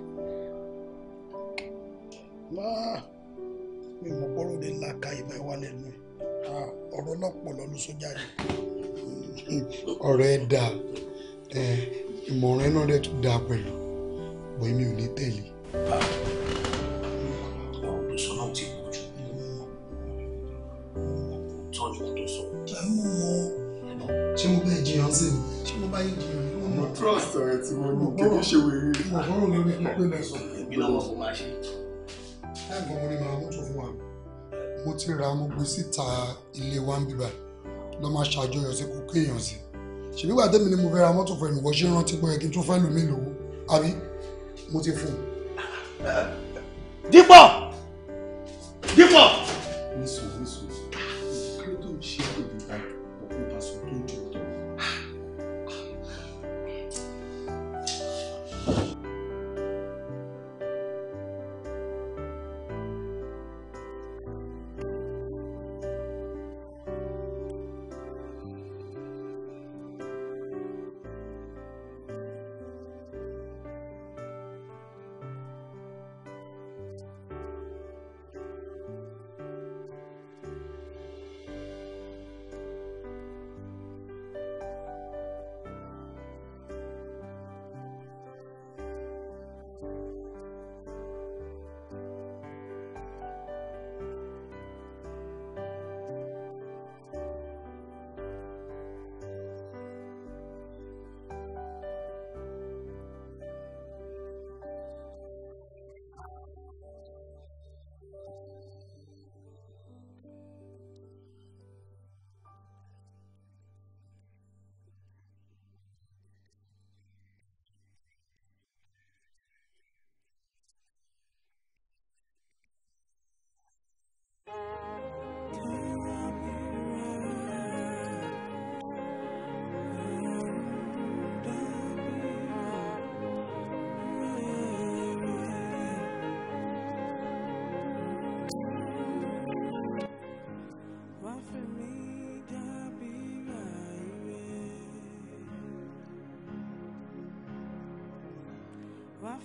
mi mọ̀ pọ́rọ̀ lè la ka ìbá wa lẹ́nu ẹ̀ ọ̀rọ̀ lọ́pọ̀lọ́ ló sójà rẹ̀. ọ̀rọ̀ ẹ dáa ìmọ̀ràn ẹ náà dẹ̀ tún dáa pẹ̀lú bọ́ èmi ò ní tẹ̀lé. kìí ṣe wèrè. ọ̀rọ̀ mi ní pípé lẹ́sọ̀. èmi náà wọ́n fún máa ṣe. ẹ̀gbọ́n mo ní màá mú tó fún wa mo ti ra mo gbé síta ilé wa ń bíbá lọ máa ṣàjọyọ̀ sí kó kéèyàn sí ṣèbí wà tẹ́mi ni mo fẹ́ ra mọ́tò fún ẹnìwọ́ ṣé rántí pé kí n tún fẹ́ lù mí lòwó àbí mo ti fún un. dípọ̀ dípọ̀.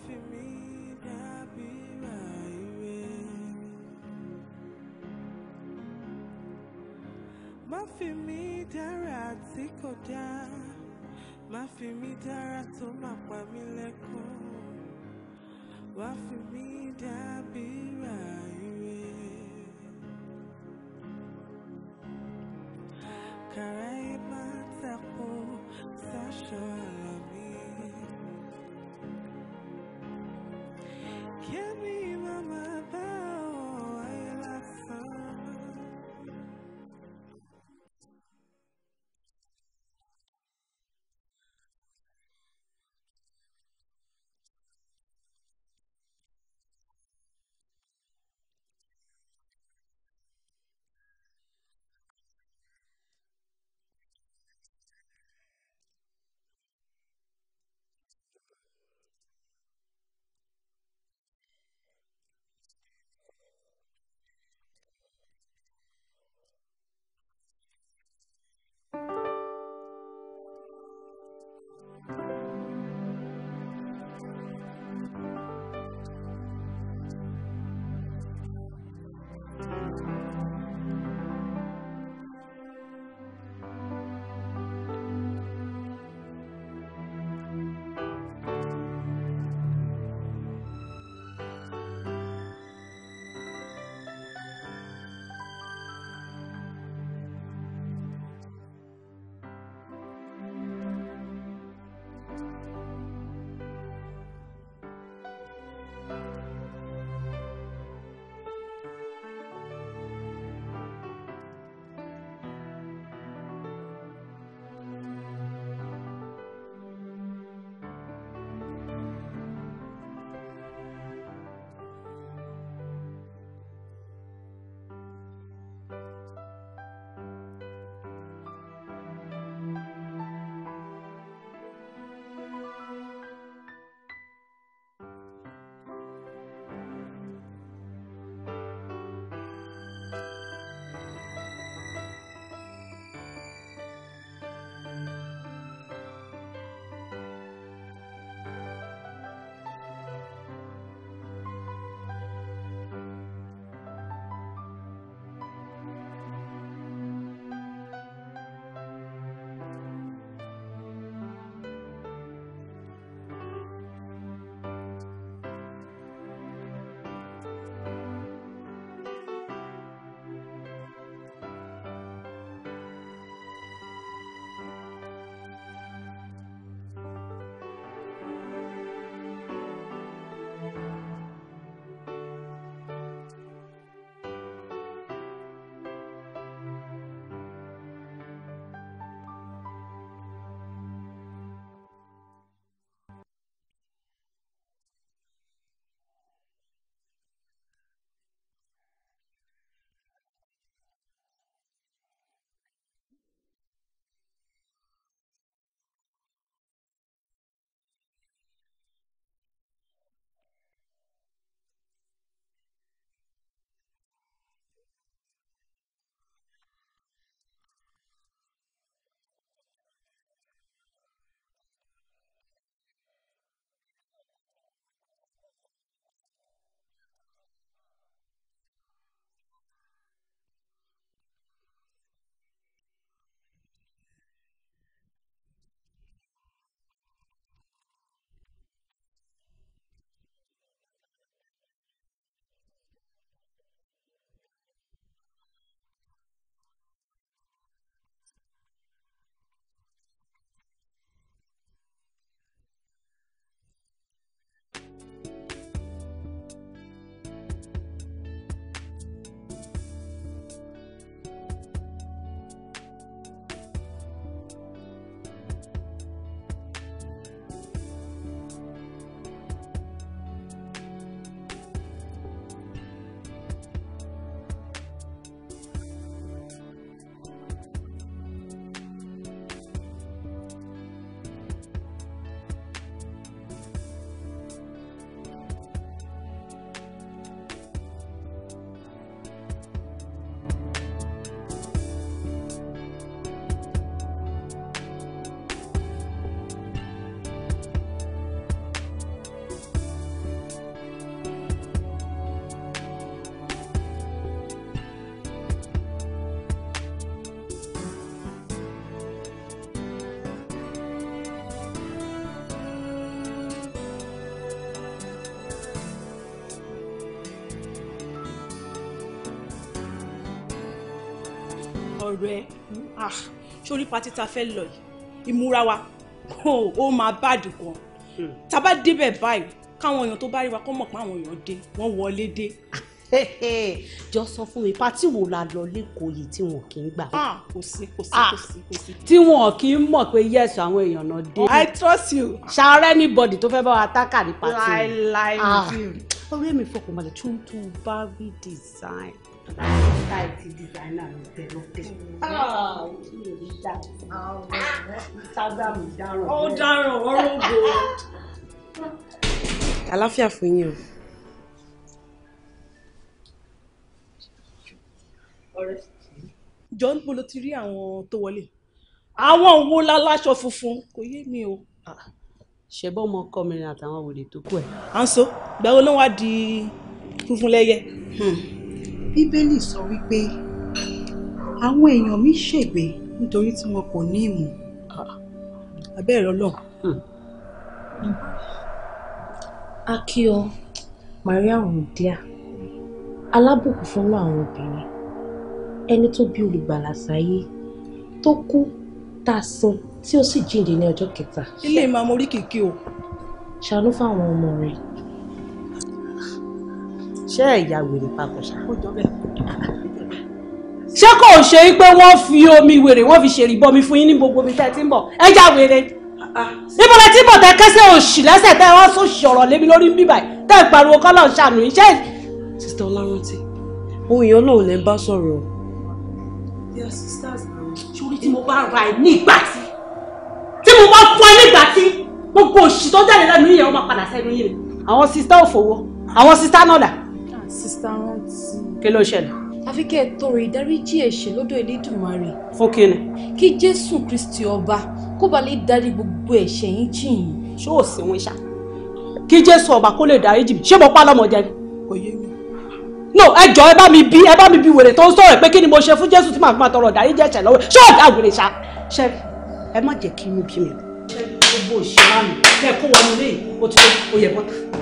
fi mí dàbí ràìrè. Má fi mí dára tí kò dáa, má fi mí dára tó máa pa mí lẹ́kún. Wá fi mí dàbí ràìrè. Kàrá ẹ máa tako sáṣọ àlá. sórí ah, pati ta fẹ́ lọ yìí ìmúra wa oh, ó máa báàdì gan hmm. tá a bá báyìí káwọn èèyàn tó bá rí wa kó mọ̀ pé àwọn èèyàn dé wọ́n wọlé dé. jọ sọ fún mi pati wo la lọ lẹ́kọ̀ọ́ yìí tí wọn kì í gbà. Ah, kò sí kò sí ah, kò sí kò sí. tí wọn kì í mọ̀ pé yes àwọn èèyàn náà dé. I trust you. ṣàárẹ̀ anybody tó fẹ́ bá wa tákà ní pati. láìláì ní. ọ̀rẹ́ mi fọkàn balẹ̀ tó bá rí design láì ti dìsáínà mi tẹ́lọ́tẹ́. mi ò ní dáràn. ó dáràn ọ̀rọ̀ gbò. àlàáfíà fún yín o. john bolo ti rí àwọn tó wọlé àwọn òun láláṣọ funfun kò yé mi o ṣẹbọ ọmọ ọkọ mi àtàwọn wòlé tó kù ẹ. à ń so gbàgbọ́ ló wá di funfun lẹ́yẹ. Hmm bíbélì sọ wípé àwọn èèyàn mi ṣègbè nítorí tí wọn kò ní ìmọ̀ abẹ́rẹ́ ọlọ́run. Hmm. akíọ maria ondia alábùkún fún àwọn obìnrin ẹni tó bí olùgbàlà sáyé tó kú tá a sin tí ó sì jíǹde ní ọjọ́ kẹta. ilé ìmọ̀ amórí kìkì o. ṣàánú fáwọn ọmọ rẹ̀ ṣé ẹ̀yà wèrè papọ̀ ṣàkójọ bẹ́ẹ̀. ṣé kò ṣe é pé wọ́n fi omi wèrè wọ́n fi ṣèrè bọmi fún yín ní gbogbo ibi tẹ́ ti ń bọ̀ ẹja wèrè níbo lẹ ti bọ̀ tẹ kẹsẹ̀ òṣì lẹ́sẹ̀ tẹ wá sọ ṣọ̀rọ̀ lémi lórí bíbà tẹ pariwo kọ́lá ṣàánú iṣẹ́. sista ọlárántí ohun èèyàn náà ò lè bá sọ̀rọ̀. dear sisters ṣorí tí mo bá ra ẹ ní ìgbà tí tí mo bá fún ẹ ní ìgbà tí gbogbo òṣì tó jáde lẹ́nu yìí ẹ wọ́n máa padà sẹ́nu yìí àwọn sista ò fowó àwọn sista náà dà sista rántí. kí ló ṣẹlẹ̀. àfi kẹ́ ẹ tọrọ ìdáríjì ẹ̀ṣẹ̀ lọ́dọ̀ elédùnmarè. fún kíni. kí jésù kristi ọba kó ba lè dárí gbogbo ẹ̀ṣẹ̀ yín jìn yín. ṣé ò sí wọn ṣá kí jésù ọba kó lè dárí jì ṣé mo pa lọ́mọdé ni. kò yé mi. no ẹ jọ ẹ bá mi bí ẹ bá mi bí wèrè tó ń sọ̀rọ̀ pé kí ni mo ṣe fún jésù tí màá fi máa tọrọ ìdáríjì ẹ̀ṣẹ̀ lọ́wọ́ ṣé ọ̀dà wèrè ṣá. ṣe ẹ má jẹ́ kí inú bí mi. ṣe gbogbo òṣèlú àná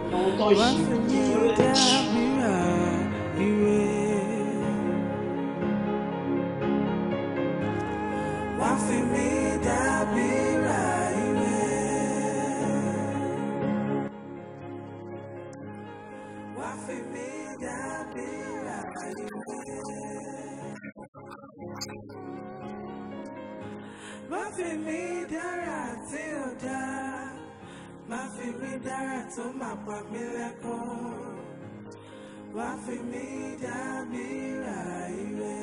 Once a new mirror, ire. Wá fi mí dá bírà má fi mí dára tó má pa mí lẹ́kọ̀ọ́ wá fi mí dá mi ra ire.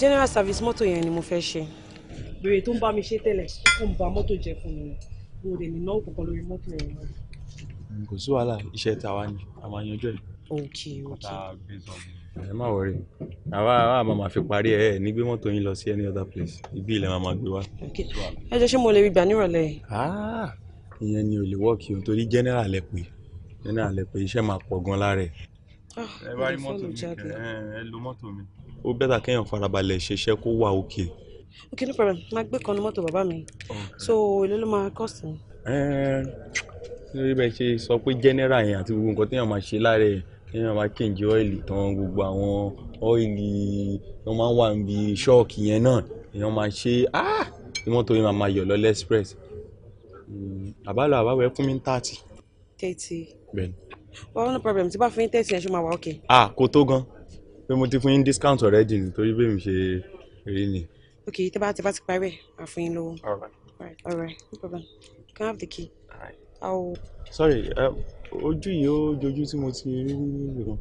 general service mọ́tò yẹn ni mo fẹ́ ṣe. bèrè tó ń bá mi ṣe tẹ́lẹ̀ kò ń ba mọ́tò jẹ́ fún mi mo lè ní náwó kankan lórí mọ́tò yẹn. Hmm, kò sí wàhálà iṣẹ́ tàwa ni a máa yanjú ẹ̀. ok ok ẹ má wọrí àwa àwa máa ma fi parí ẹ ní gbé mọ́tò yín lọ sí any other place ibi ilẹ̀ máa ma gbé wá. ẹ jọ ṣé mo lè rí gbà nírọ̀lẹ́ ah, ìyẹn ni ò lè o torí general lẹ pé general lẹ pé iṣẹ́ máa pọ̀ gan lára ẹ̀. Ah, ẹ bá rí mọ́tò mi kẹ ẹ lo mọ́tò mi ó bẹ́tà kéèyàn farabalẹ̀ ṣiṣẹ́ kó wà òkè. ok no problem máa gbé kan ní mọ́tò bàbá mi so èlé ló máa cost mi. lórí bẹ́ẹ̀ ṣe sọ pé general yẹn àti gbogbo nǹkan téèyàn máa ṣe lára ẹ̀ kéèyàn máa kéǹjì ọ́ìlì tán gbogbo àwọn ọ́ìlì tó máa ń wà níbi ṣọ́ọ̀kì yẹn náà èèyàn máa ṣe ní ah! mọ́tò yẹn máa yọ̀ lọ́lẹ́ express hmm, àbálò àbáwọ̀ ẹ fún mi ní thirty. thirty. bẹ́ẹ̀ni. well no problem tí bá fún yín thirty yẹn ṣe máa wà ok. ah kò tó gan-an pé mo ti fún yín discount already nítorí bẹ́ẹ̀ mi ṣe rí ni. ok tí bá ti bá ti parí ẹ̀ á fún yín lówó. all right all right no problem can have the key. all right. I'll... sorry ojú yìí ó jojú tí mo ti rí níbi kan.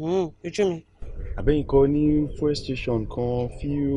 Hmm, ojú mi. àbẹ́yìn kan ní fuel station kan fíú. Few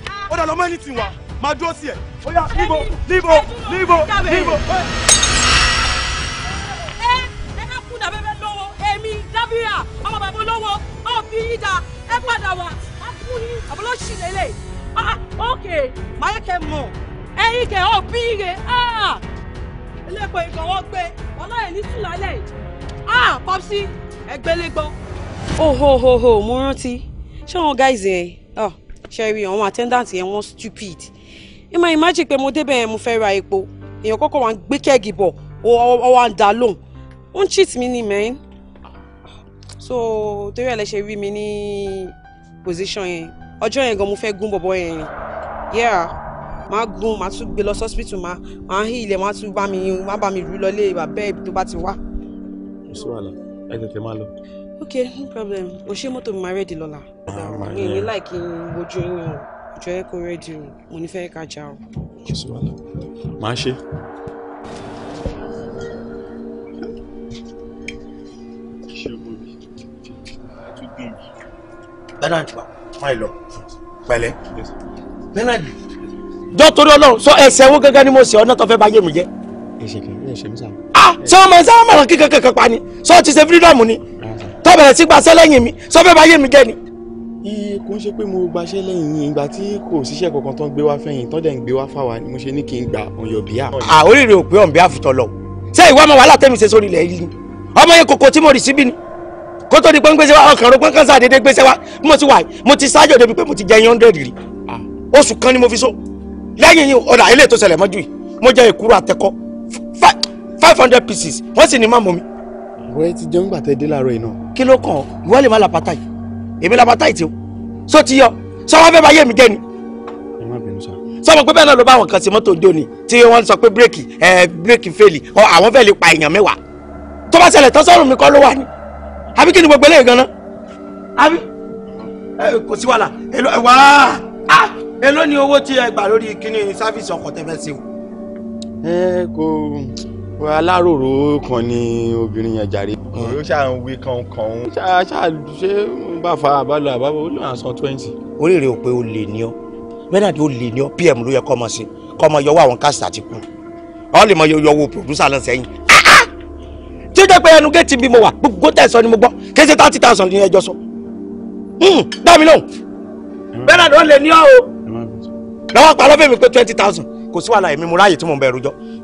ó dà lọ mọ ẹni tì wá máa dúró sí ẹ ó yà níbo níbo níbo níbo. ẹ ẹ ká kú dàbẹ́ bẹ́ẹ̀ lọ́wọ́ èmi dábìrà ọmọ bàbá olówó ọ̀bí yín dá ẹ padà wá á kú yín àbúlọ́sì lélẹ̀ ah ok máa yẹ kẹ mọ̀ ẹyin kẹ ọ̀bí yẹ ah ẹlẹ́pọ̀ ìgbọ̀wọ́ gbé ọlọ́yẹ̀ ní sùlálẹ̀ ah popsi ẹgbẹ́lẹ́gbọ́. ohohoho mo rántí ṣé àwọn guys yẹn. Ah ṣẹ́rí àwọn attendant yẹn wọ́n stupid ẹ máa imagine pé mo débẹ̀ yẹn mo fẹ́ ra epo èèyàn kọ́kọ́ wà ń gbé kẹ́ẹ̀gì bọ̀ ọ wà ń dá lóhùn wọ́n cheat mi ni mẹ́rin so torí ẹ̀ lẹ́ ṣe rí mi ní position yẹn ọjọ́ yẹn gan mo fẹ́ gún bọ̀bọ̀ yẹn ni yeah máa gún máa tún gbé lọ sọ́sìpìtì máa máa hí ilẹ̀ máa tún bá mi máa bá mi rú lọ lé bàbá ẹ̀ tó bá ti wá. ìṣòwò àlà ẹ tètè máa lọ. Okay, no problem o ṣe mọ́tò mi Lola. rẹ́ẹ̀dì lọ́la ah, mi ní láìkí ojú yín o ìjọ ẹ kó rẹ́ẹ̀dì o mo ní fẹ́ ká já o. kò sí wàhálà máa ṣe. bernard máa lọ pẹ̀lẹ́ bernard dọ́tò lọ́lọ́ sọ ẹsẹ̀ wo gẹ́gẹ́ ni mo ṣe ọ̀nà tó fẹ́ bá yé mi jẹ́. ẹsẹ̀ kìí ẹsẹ̀ mi sá. ah ṣé wọn máa ń sábà máa kíkankan pa ni sọ ti ṣe fírídọ̀mù ni tó bẹ̀rẹ̀ sí gbaṣẹ́ lẹ́yìn mi sọ fẹ́ bá yé mi jẹ́ ni. iye kò ń ṣe pé mo gbaṣẹ́ lẹ́yìn ìgbà tí kò síṣẹ́ kankan tó ń gbé wá fẹ́yìn tó dẹ̀ ń gbé wá fáwa ni mo ṣe ní kí n gbà ọ̀yọ̀ bíà. àóríire ò ọ̀nbí àfùtọ̀ lọ ṣé ìwà ọmọ wàhálà tẹ́mi ṣe sórí ilẹ̀ yìí ọmọ yẹn kòkó tí mo rì síbí ni kó tó di pé ń gbèsè wa ọkàn ro pé ń kàn sáà mo ti wà mo ti ṣáájò débi pé mo ti jẹ yín hundred rí oṣù kan ni mo fi so lẹ́yìn yìí ọ̀dà ilé tó ṣẹlẹ̀ mọ́jú yìí mo jẹ èkúrò àtẹkọ́ five hundred pieces wọ́n sì ní má mọ́ mi ọ̀rẹ́ ti jẹun gbàtẹ́ dé láàárọ̀ iná. kí ló kàn ìwọ lè má làpátá yìí èmi làpátá yìí tí o sọ ti yọ sọ wá fẹ́ bá yé mi jẹ́ ni sọmọ pé bẹ́ẹ̀ náà ló bá àwọn kan sí mọ́tò ọjọ́ ni tí wọ́n sọ pé bírèkì ẹ̀ bírèkì fèlì ọ àwọn fẹ́ lè pa èèyàn mẹ́wàá tó bá ṣẹlẹ̀ tán sọ́run mi kọ́ ló wà ní àbí kí ni gbogbo eléyìí gan-an àbí kò sí wàhálà èlò wà á èlò ni owó tí ẹ gbà lórí kíní sáfíìsì ọkọ̀ tẹ́fẹ́ sí o. ẹ kò aláròrò kan ni obìnrin yẹn jàre. òró ṣáà ń wí kankan. ṣáà ṣáà ṣé ń bá fa àbálò àbábọ ó lóun àsan twenty. oríire ò pé o lè ní ọ mẹ́nàdì ó lè ní ọ pm ló yẹ kọ́ ọmọ sí kọ́ ọmọ yọwọ́ àwọn káàsì àti kù ọ lè mọ yọwọ́ pòdúsà lọ sẹ́yìn. tí ó jẹ́ pé ẹnu géètì bí mo wà gbogbo tẹ̀sán ni mo gbọ́ kéṣe thirty thousand ní ẹjọ́ sọ. Hmm, dá mi lóhùn mẹ́nàdì ó lè ní ọ o lọ́wọ́ pa lọ́fẹ̀ẹ́ mi pé twenty thousand kò sí wàhálà èmi mo ráàyè tí mò ń bẹ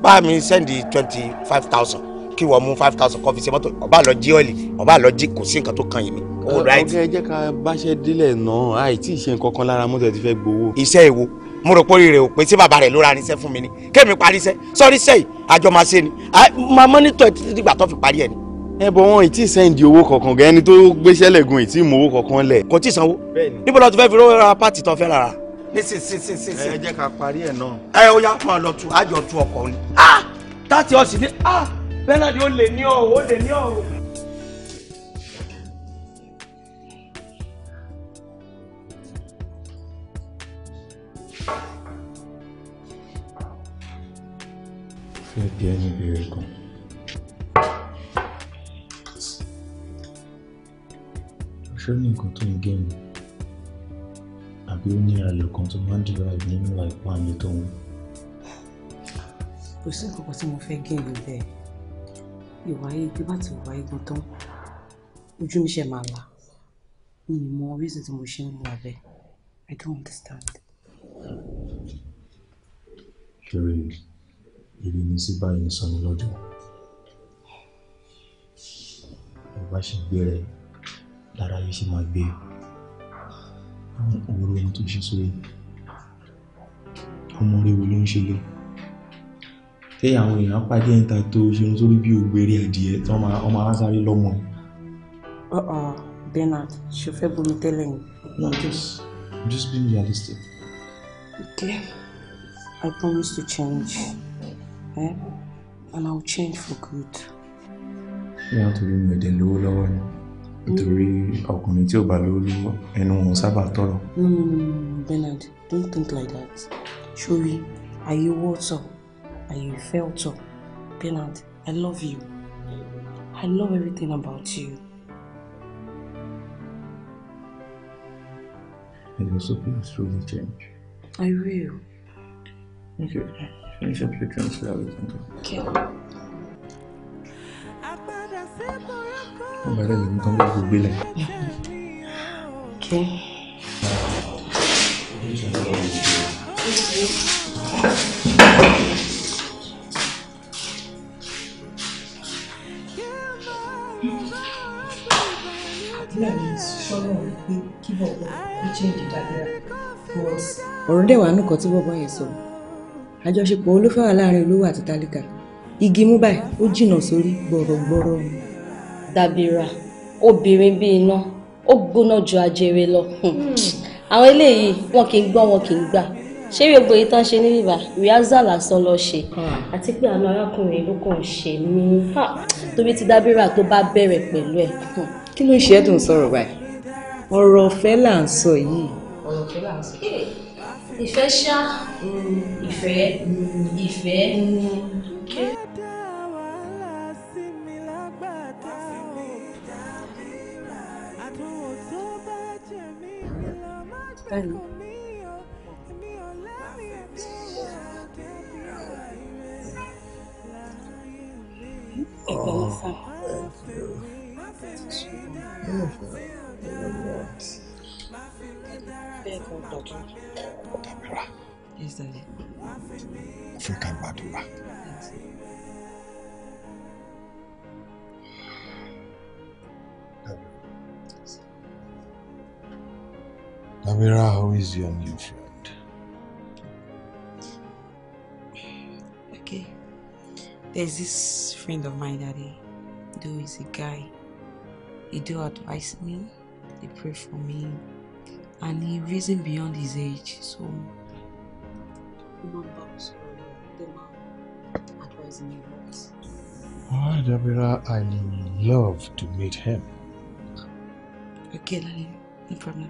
bá mi sẹ́ndì twenty five thousand kí wọ́n mú five thousand kọ́ fi ṣe mọ́tò ọba lọ jí ọ̀lì ọba lọ jí kò sí nǹkan tó kan yìí mi. ọ̀gá ẹ jẹ́ ká báṣẹ́ délẹ̀ náà àìtí ìṣe nǹkan kan lára mọ́tò ẹ ti fẹ́ gbowó. iṣẹ́ èwo mo rò pórí rẹ̀ ò pé tí bàbá rẹ̀ ló ra irinṣẹ́ fún mi ni kémi parí iṣẹ́ sọ́rí iṣẹ́ yìí àjọ máa ṣe ni máa mọ́nítọ̀ ẹ títí dìgbà tó fi parí ẹ̀ ni. ẹ bọ wọn ìtì sẹ́ndì owó kankan gan ẹni tó gbéṣẹ́ lẹ̀gùn ìtì mọ owó kankan lẹ̀. kò tí ì sanwó níbo lọ́ọ́ ti fẹ́ fi rówó ra pátì fẹ́ rà nísinsinsinsin. ẹ jẹ́ ká parí ẹ̀ náà. ẹ ó yá máa lọ tu àjọ tu ọkọ ni. Ah! táti ọ̀sìn ni bernard ó lè ní ọ̀rọ̀ ó lè ní ọ̀rọ̀. fẹ́ bí ẹni ìbéèrè kan. ṣé ní nǹkan tó ń gé mi? àbí ó ní ayọ̀ kan tó máa ń derive nínú àìpá mi tó ń. kò sí nǹkan kan tí mo fẹ́ gé ní bẹ́ẹ̀ ìwà yìí bí bá ti wà igun tán ojú mi ṣe máa là mi ì mọ reason tí mo ṣe ń mu abẹ I don't understand. ṣeré èrè ní sí báyìí sọnù lọ́jọ́ ìbáṣegbè rẹ̀ lára yìí ṣe máa gbé e òwúrò ọmọ tó ń ṣe sórí ọmọ rẹ wo ló ń ṣe lé tẹ àwọn èèyàn pàdé ẹ̀ńtà tó ṣerun sórí bí ògbèrè adìẹ tí wọ́n máa ọmọ arásáré lọ́mọ. Uh-uh, Bernard ṣe fẹ́ bomi tẹ́lẹ̀ ni. No, just just being realistic. Okay, I promise to change. Eh? And I will change for good. Ṣé àtúrò mi ò dé lówó lọ́wọ́ ni? nítorí ọkùnrin tí ò bá lówó lọ́wọ́ ẹnu wọn sábà tọrọ. no no no no Bernard don't think like that sori ayé owó ọ̀tọ̀ ayé ìfẹ́ ọ̀tọ̀ Bernard I love you I love everything about you. And also please slowly change. I will. Okay, finish up your transfer. Okay. ọmọ ẹ̀rẹ́ mi nǹkan gbogbo gbélẹ̀. Okay. ọ̀rọ̀ dẹ̀ wà nùkọ́ tí bọ́bọ́ yẹn sọ àjọṣepọ̀ olófẹ́wà láàrin olówó àti tálíkà igi mú báyìí ó jìnnà sórí gbọ̀rọ̀gbọ̀rọ̀ ni dàbìrà obìnrin bíi iná ó gbóná ju ajere lọ hmm. Hmm. àwọn eléyìí wọn kì í gbọ́ wọn kì í gbà ṣé gbogbo èyí tán ṣe ní bíbá rìhásà lásán lọ ṣe hmm. àti pé àánú arákùnrin ló kàn ṣe mí torí ti dábìrà tó bá bẹ̀rẹ̀ pẹ̀lú ẹ̀. kí ló ń ṣe ẹ́ tó ń sọ̀rọ̀ báyìí ọ̀rọ̀ ọ̀fẹ́ là ń sọ yìí. ọ̀rọ̀ ọ̀fẹ́ là ń sọ yìí ìfẹ́ ṣá ìfẹ́ ìfẹ́. Hello. Oh, thank you. Yes, darling. African Badura. Yes. Nabira, how is your new friend? Okay. There's this friend of mine that he do is a guy. He do advise me, he pray for me, and he reason beyond his age, so numbers the man advising me works. Why, ah, Dabira, I love to meet him. Okay, Lali, no problem.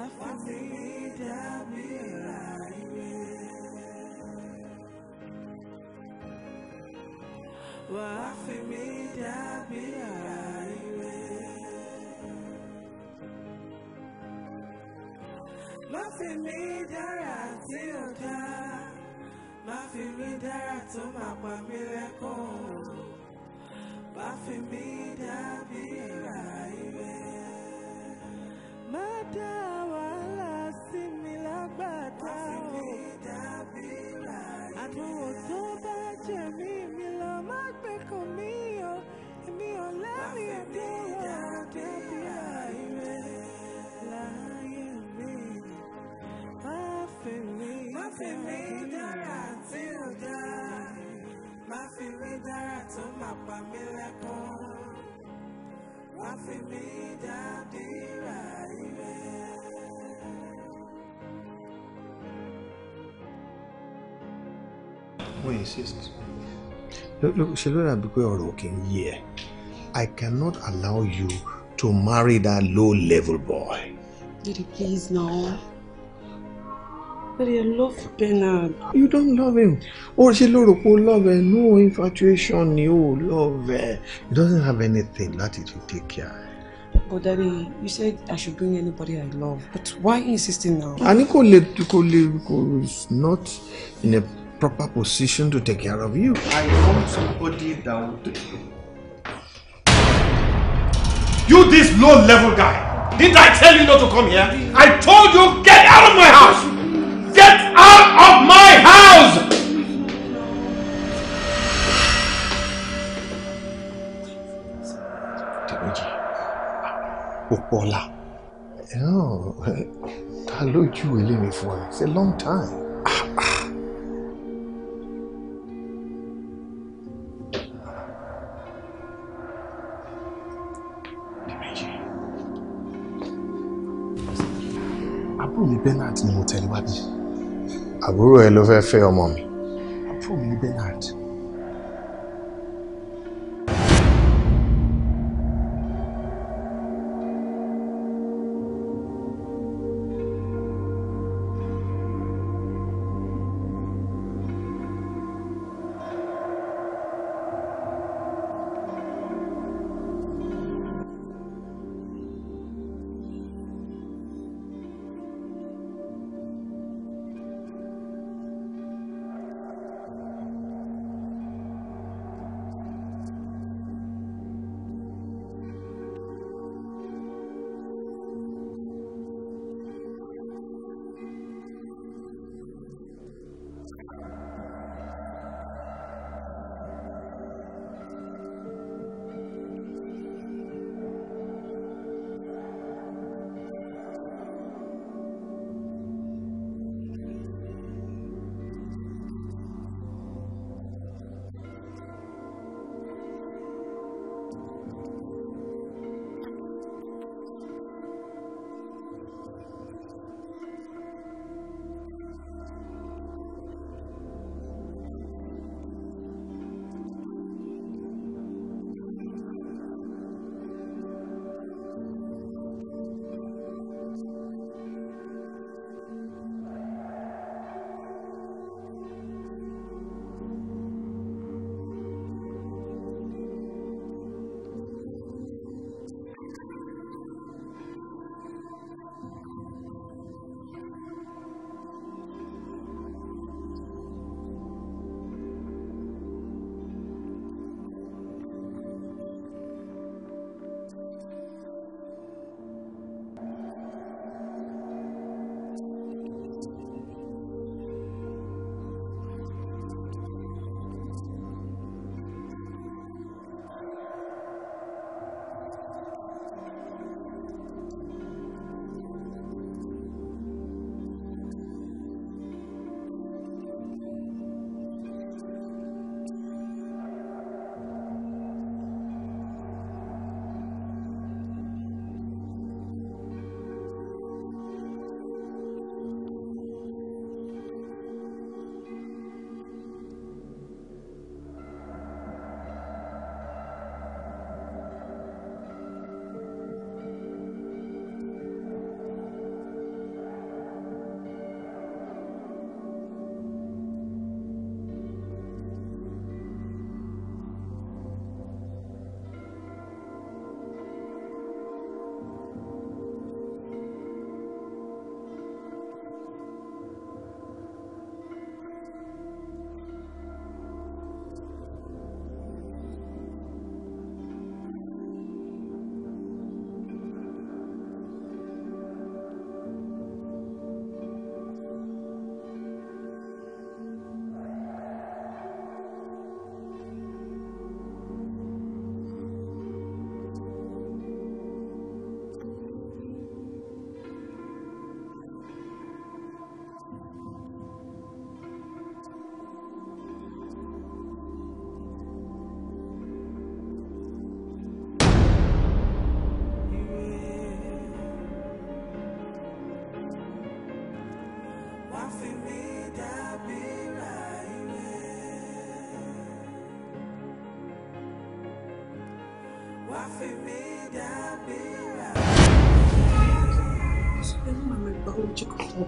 wá fún mi. Wàá fi mí dàbí àìwé. Má fi mí dára tí ò dá. Má fi mí dára tó máa pa mí lẹ́kọ̀ọ́. Má fi mí dàbí àìwé má dá wàhálà sí mi lágbàdá o àdúrò tó bá jẹ mí mi lọ má gbé kàn mí o èmi ò lẹ́rìí àdúrà débi àìrè láyé mi má fi mí dára tó má pa mí lẹ́kọ̀ọ́ wá We insist. Look, look, ṣe ló dàbí ọ̀rọ̀ kì í yé I cannot allow you to marry that low-level boy. Didi, please, no but I love Bernard. You don't love him. Oh, she ló rò pé love ẹ. No infatuation ni o love ẹ. He doesn't have anything láti fi take care. But daddy, you said I should bring anybody I love. But why insisting now? Àní kò lè kò lè kò is not in a proper position to take care of you. I want somebody that will take you. You this low level guy! Didn't I tell you not to come here? I told you get out of my house! Get out of my house! Tẹ̀lójì, òpó ọ̀la. Ta ló ju eléyìí fún ẹ? It's a long time. àbúrò ẹ ló fẹ́ẹ́ fẹ́ ọmọ mi. àbúrò mi Bernard.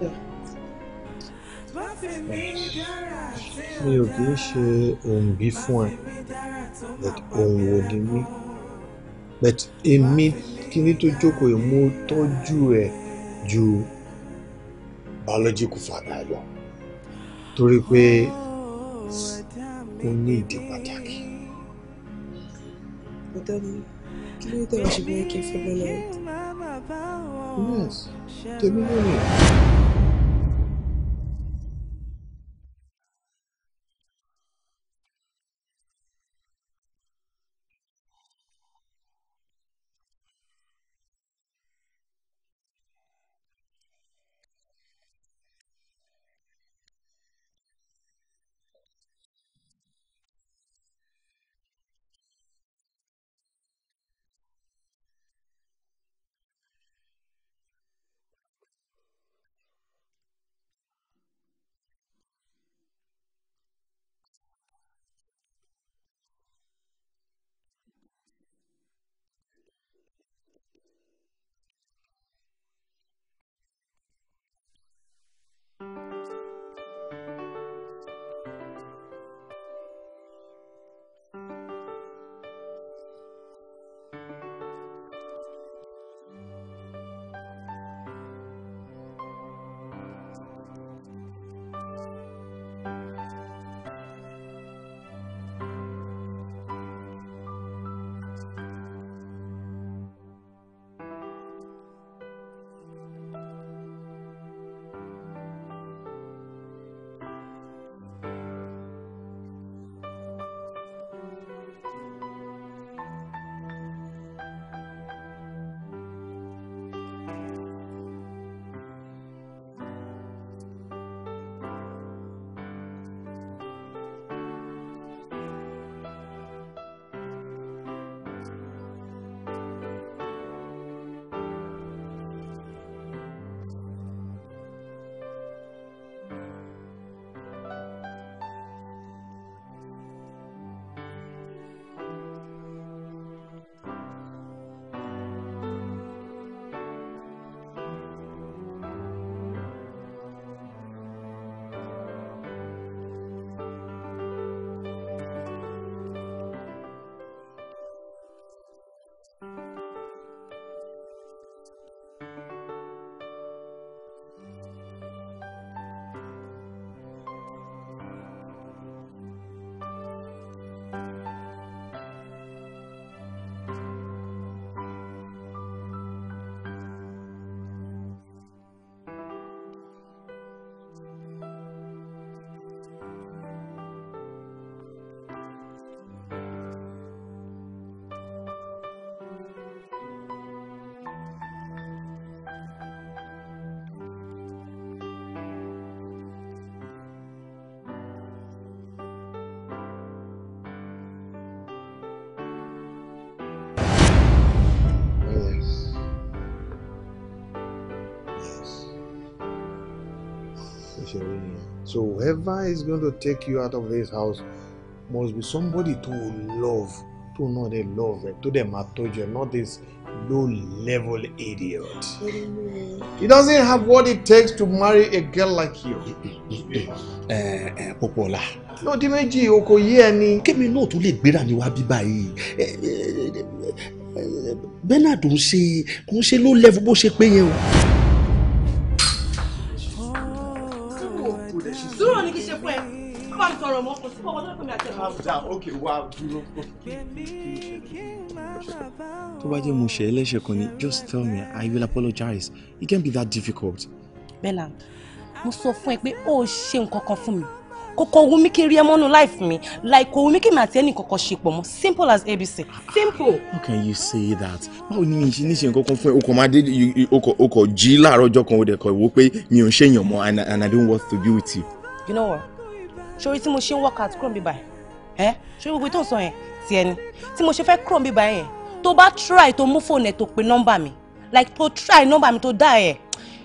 tó bẹ́ẹ̀. mi ò kì í ṣe òǹbí fún ẹ but òun wò ni mí but èmi kíní tó jókòó yìí mo tọ́jú ẹ ju biological father lọ torí pé ó ní ìdí pàtàkì. ọ̀dọ́ mi kí ló dé ọ̀ṣun bí wọ́n kì í fẹ́ bẹ́ẹ̀ lọ. yes tèmi lónìí. So whoever is going to take you out of this house must be somebody to love, to know they love it, to them I told you, not this low-level idiot. He doesn't have what it takes to marry a girl like you. Eh, eh, Popola. No, Dimeji, oko yé ẹni. Kémi náà tún lè gbéra ni wá bí báyìí. Eh, Bernard ń ṣe kò ń low level bó ṣe pé yẹn o. wá dúró. tó bá jẹ́ mo ṣe ẹlẹ́ṣẹ̀ kan ni just tell me I will apologize it can't be that difficult. bella mo sọ fún ẹ pé ó ṣe nǹkan kan fún mi kókó ohun mi kí n rí ẹ mọ́nú life mi like ohun mi kí n àti ẹnì kankan ṣe pọ̀ mọ́ simple as abc simple. how can you say that báwo ni mi ṣe ní ṣe nǹkan kan fún ẹ o kò máa dé o kò jí láàárọ̀ ọjọ́ kan o dẹ̀ kọ̀ wò pé mi ò ń ṣèyàn mọ́ and I don't want to be with you. you know what ṣorí tí mo ṣe ń work out kúrò mi báyìí ẹ ṣé gbogbo tó ń sọ yẹn tiẹ̀ ni tí mo ṣe fẹ́ kúrò níbà yẹn tó bá try tó mú fóònù ẹ̀ tó pe nọ́mbà mi like tó try nọ́mbà mi tó dá ẹ̀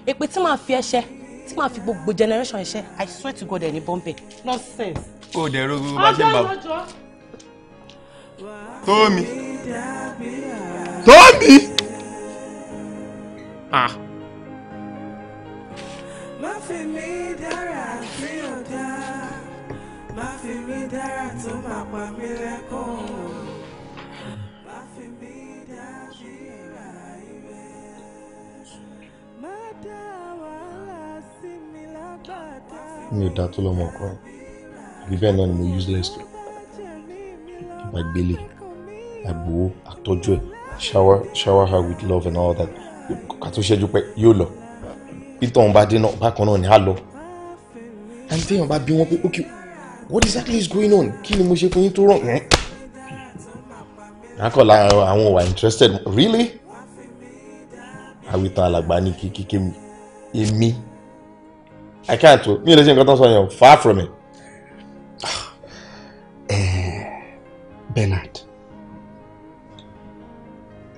èpè tí màá fi ẹṣẹ tí màá fi gbogbo generation ẹṣẹ i swear to god ẹ̀ ní bọ́m̀bẹ̀ nonsense. o dẹ̀ ro gbogbo bá ṣe ń bá o. tómi tómi. ah má fi mí dára sí ọ̀dà má fi mí dára tó máa pa mí lẹ́kọ̀ọ́ má fi mí dá bí ra ìrẹ́ má dá wàhálà sí mi lágbàdá. mi ò dá tó lọ́mọ kan ibi bẹ́ẹ̀ náà ni mo useless to àgbélé àgbòwó àtọ́jú ẹ̀ shower shower her with love and all that ká tó ṣẹ́jú pẹ́ yóò lọ bí tọ́hún bá dé náà bákan náà ni á lọ ẹni téèyàn bá bí wọn pé ókè what exactly is going on kí ni mo ṣe fún yín tó rọ̀ yẹn. akọ̀la àwọn wà interested really àwìtàn alàgbà ni kíkíkí mi èmi i can't o mi ò lè ṣe nǹkan tó ń sọ yẹn far from it. Ah. Eh, Bernard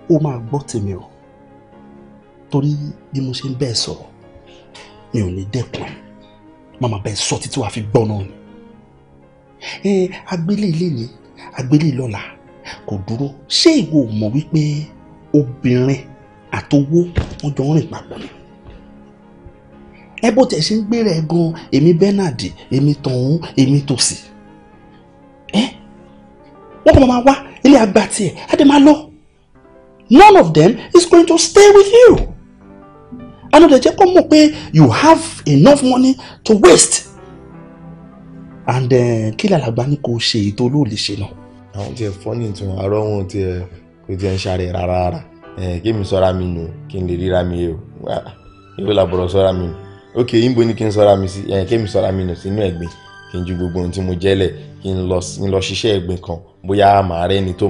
ó máa gbọ́ tèmi o torí bí mo ṣe ń bẹ́ẹ̀ sọ̀rọ̀ mi ò ní dẹ́kun ẹ̀ máa máa bẹ́ẹ̀ sọ títí wàá fi gbọ́ náà ni agbélé ilé ni agbélé e lọ́la kò dúró ṣé ìwọ mọ̀ wípé obìnrin àtowó wọn jọ ń rìn papọ̀ ni ẹ bó tẹ̀ ṣe ń gbéra ẹ gan èmi Bernard èmi tọ̀hún èmi tòsì ẹ wọn kò máa wá ilé àgbà tiẹ̀ á dẹ̀ máa lọ none of them is going to stay with you anodẹ jẹ́ kó mọ̀ pé you have enough money to waste and eh, kí làlàgbà ní kò ṣe ètò olóòlè ṣe náà. àwọn tiẹ̀ fọ́nì tún àárọ̀ wọn tiẹ̀ kò tiẹ̀ ń ṣàrẹ̀ rárá rárá kí mi sọ́ra mi nù kí n lè ríra mi yẹ o ìwé làbọ̀rọ̀ sọ́ra mi nù ok yínbo ni kí n sọ́ra mi sí kí mi sọ́ra mi nù sínú ẹ̀gbin kí n ju gbogbo ohun tí mo jẹ́lẹ̀ kí n lọ ṣiṣẹ́ ẹ̀gbin kan bóyá màá rẹ́ ni tó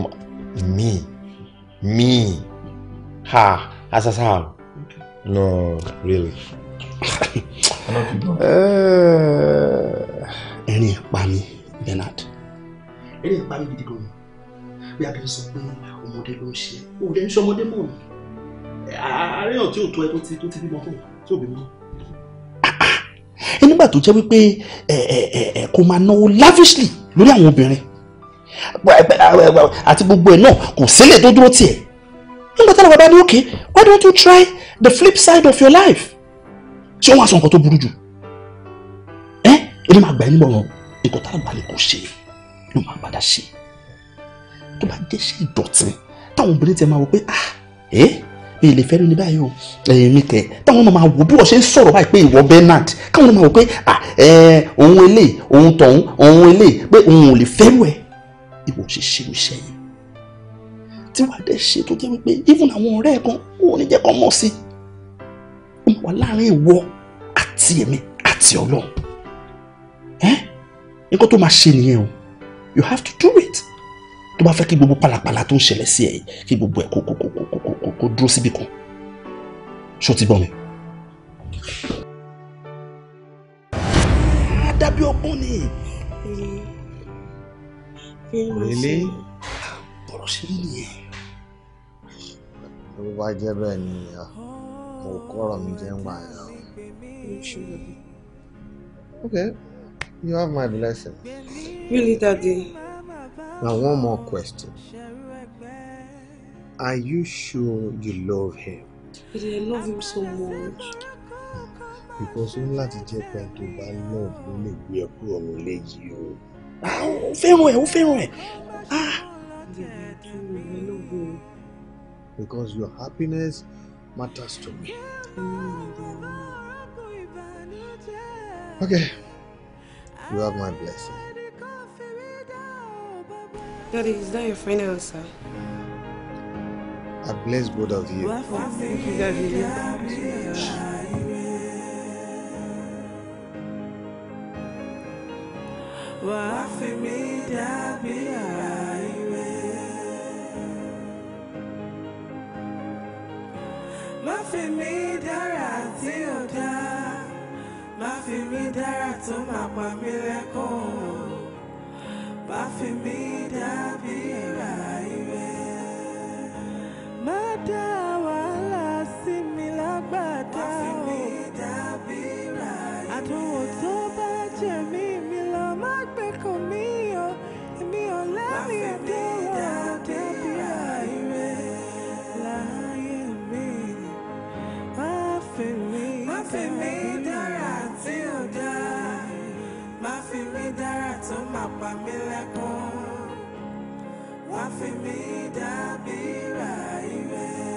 mí mí ha asasa no really. ẹ̀rín pa mi Bernard ẹ̀rín pa mi gidi gan bí a bẹ sọ pé ọmọdé ló ń ṣe ẹ ò lè ń ṣe ọmọdé mọ́ mi àárẹ̀yàn tí ò tó ẹ tó ti tó ti bímọ fún mi tí ò bí mọ́. ẹ nígbà tó jẹ́ wípé ẹ ẹ ẹ kò máa náwó lavishly lórí àwọn obìnrin àti gbogbo ẹ̀ náà kò sílẹ̀ tó dúró tiẹ̀ nígbà táwọn bàbá ní òkè why don't you try the flip side of your life ṣé wọ́n á sọ nǹkan tó burú jù èmi máa gbà ẹ́ nímọ̀ràn nǹkan tá a gbà ní kò ṣe ló máa padà ṣe tó bá jẹ́ ṣe ìdọ̀tí táwọn obìnrin tẹ máa wò pé ah ẹ́ mi ì lè fẹ́ ní báyìí o èmi tẹ táwọn máa wò bí wọ́n ṣe ń sọ̀rọ̀ báyìí pé ìwọ Bernard káwọn máa wò pé ah ẹ òun eléyìí òun tọ̀hún òun eléyìí pé òun ò lè fẹ́rù ẹ̀ ìwọ ṣe ṣe iṣẹ́ yìí tí wàá dẹ̀ ṣe tó jẹ́ wípé even àwọn ọ̀rẹ́ kan wọn ní jẹ́ kó mọ̀ sí i ó wà láàrin ìwọ àti èmi àti Ọlọ́run ẹ́ eh? nǹkan tó máa ṣe nìyẹn o you have to do it tó bá fẹ́ kí gbogbo pàlàpàlà tó ń ṣẹlẹ̀ sí ẹ kí gbogbo ẹ kó kó kó kó kó kó kó dúró síbì kan ṣó ti gbọ́ mi. dàbí ọgbọ́n ni. ilé bọ̀rọ̀ ṣe rí nìyẹn. ló bá jẹ́ bẹ́ẹ̀ ni mo kọ́rọ̀ mi jẹ́ ń gbà yàn. ok You have my blessing. Really, Daddy? Now, one more question. Are you sure you love him? But I love him so much. Because ó ń láti jẹ́ pé tó bá love ló lè gbé ẹ kúrò nílé yìí o. Ah, ó fẹ́ràn ẹ̀, ó fẹ́ràn ẹ̀. Ah! Because your happiness matters to me. Mm, okay. You have my blessing. Daddy, is that your final answer? I bless both of you. thank you, Daddy. àìwé. tí ò má fi mí dára tó máa pa mí lẹ́kùn má fi mí dàbí ẹ̀rà ìrẹ́. má dá wàhálà sí mi lágbàdá o má fi mí dàbí ẹ̀rà ìrẹ́. àdúgbò tó bá jẹ mí mi lọ má gbé kàn mí o èmi ò lẹ́rìí ẹ̀dẹ́wọ̀ dàbí ẹ̀rà ìrẹ́ láyé mi má fi mí dàbí ẹ̀rà ìrẹ́. tó máa pa mí lẹ́kún wá fi mí dábìrà ire.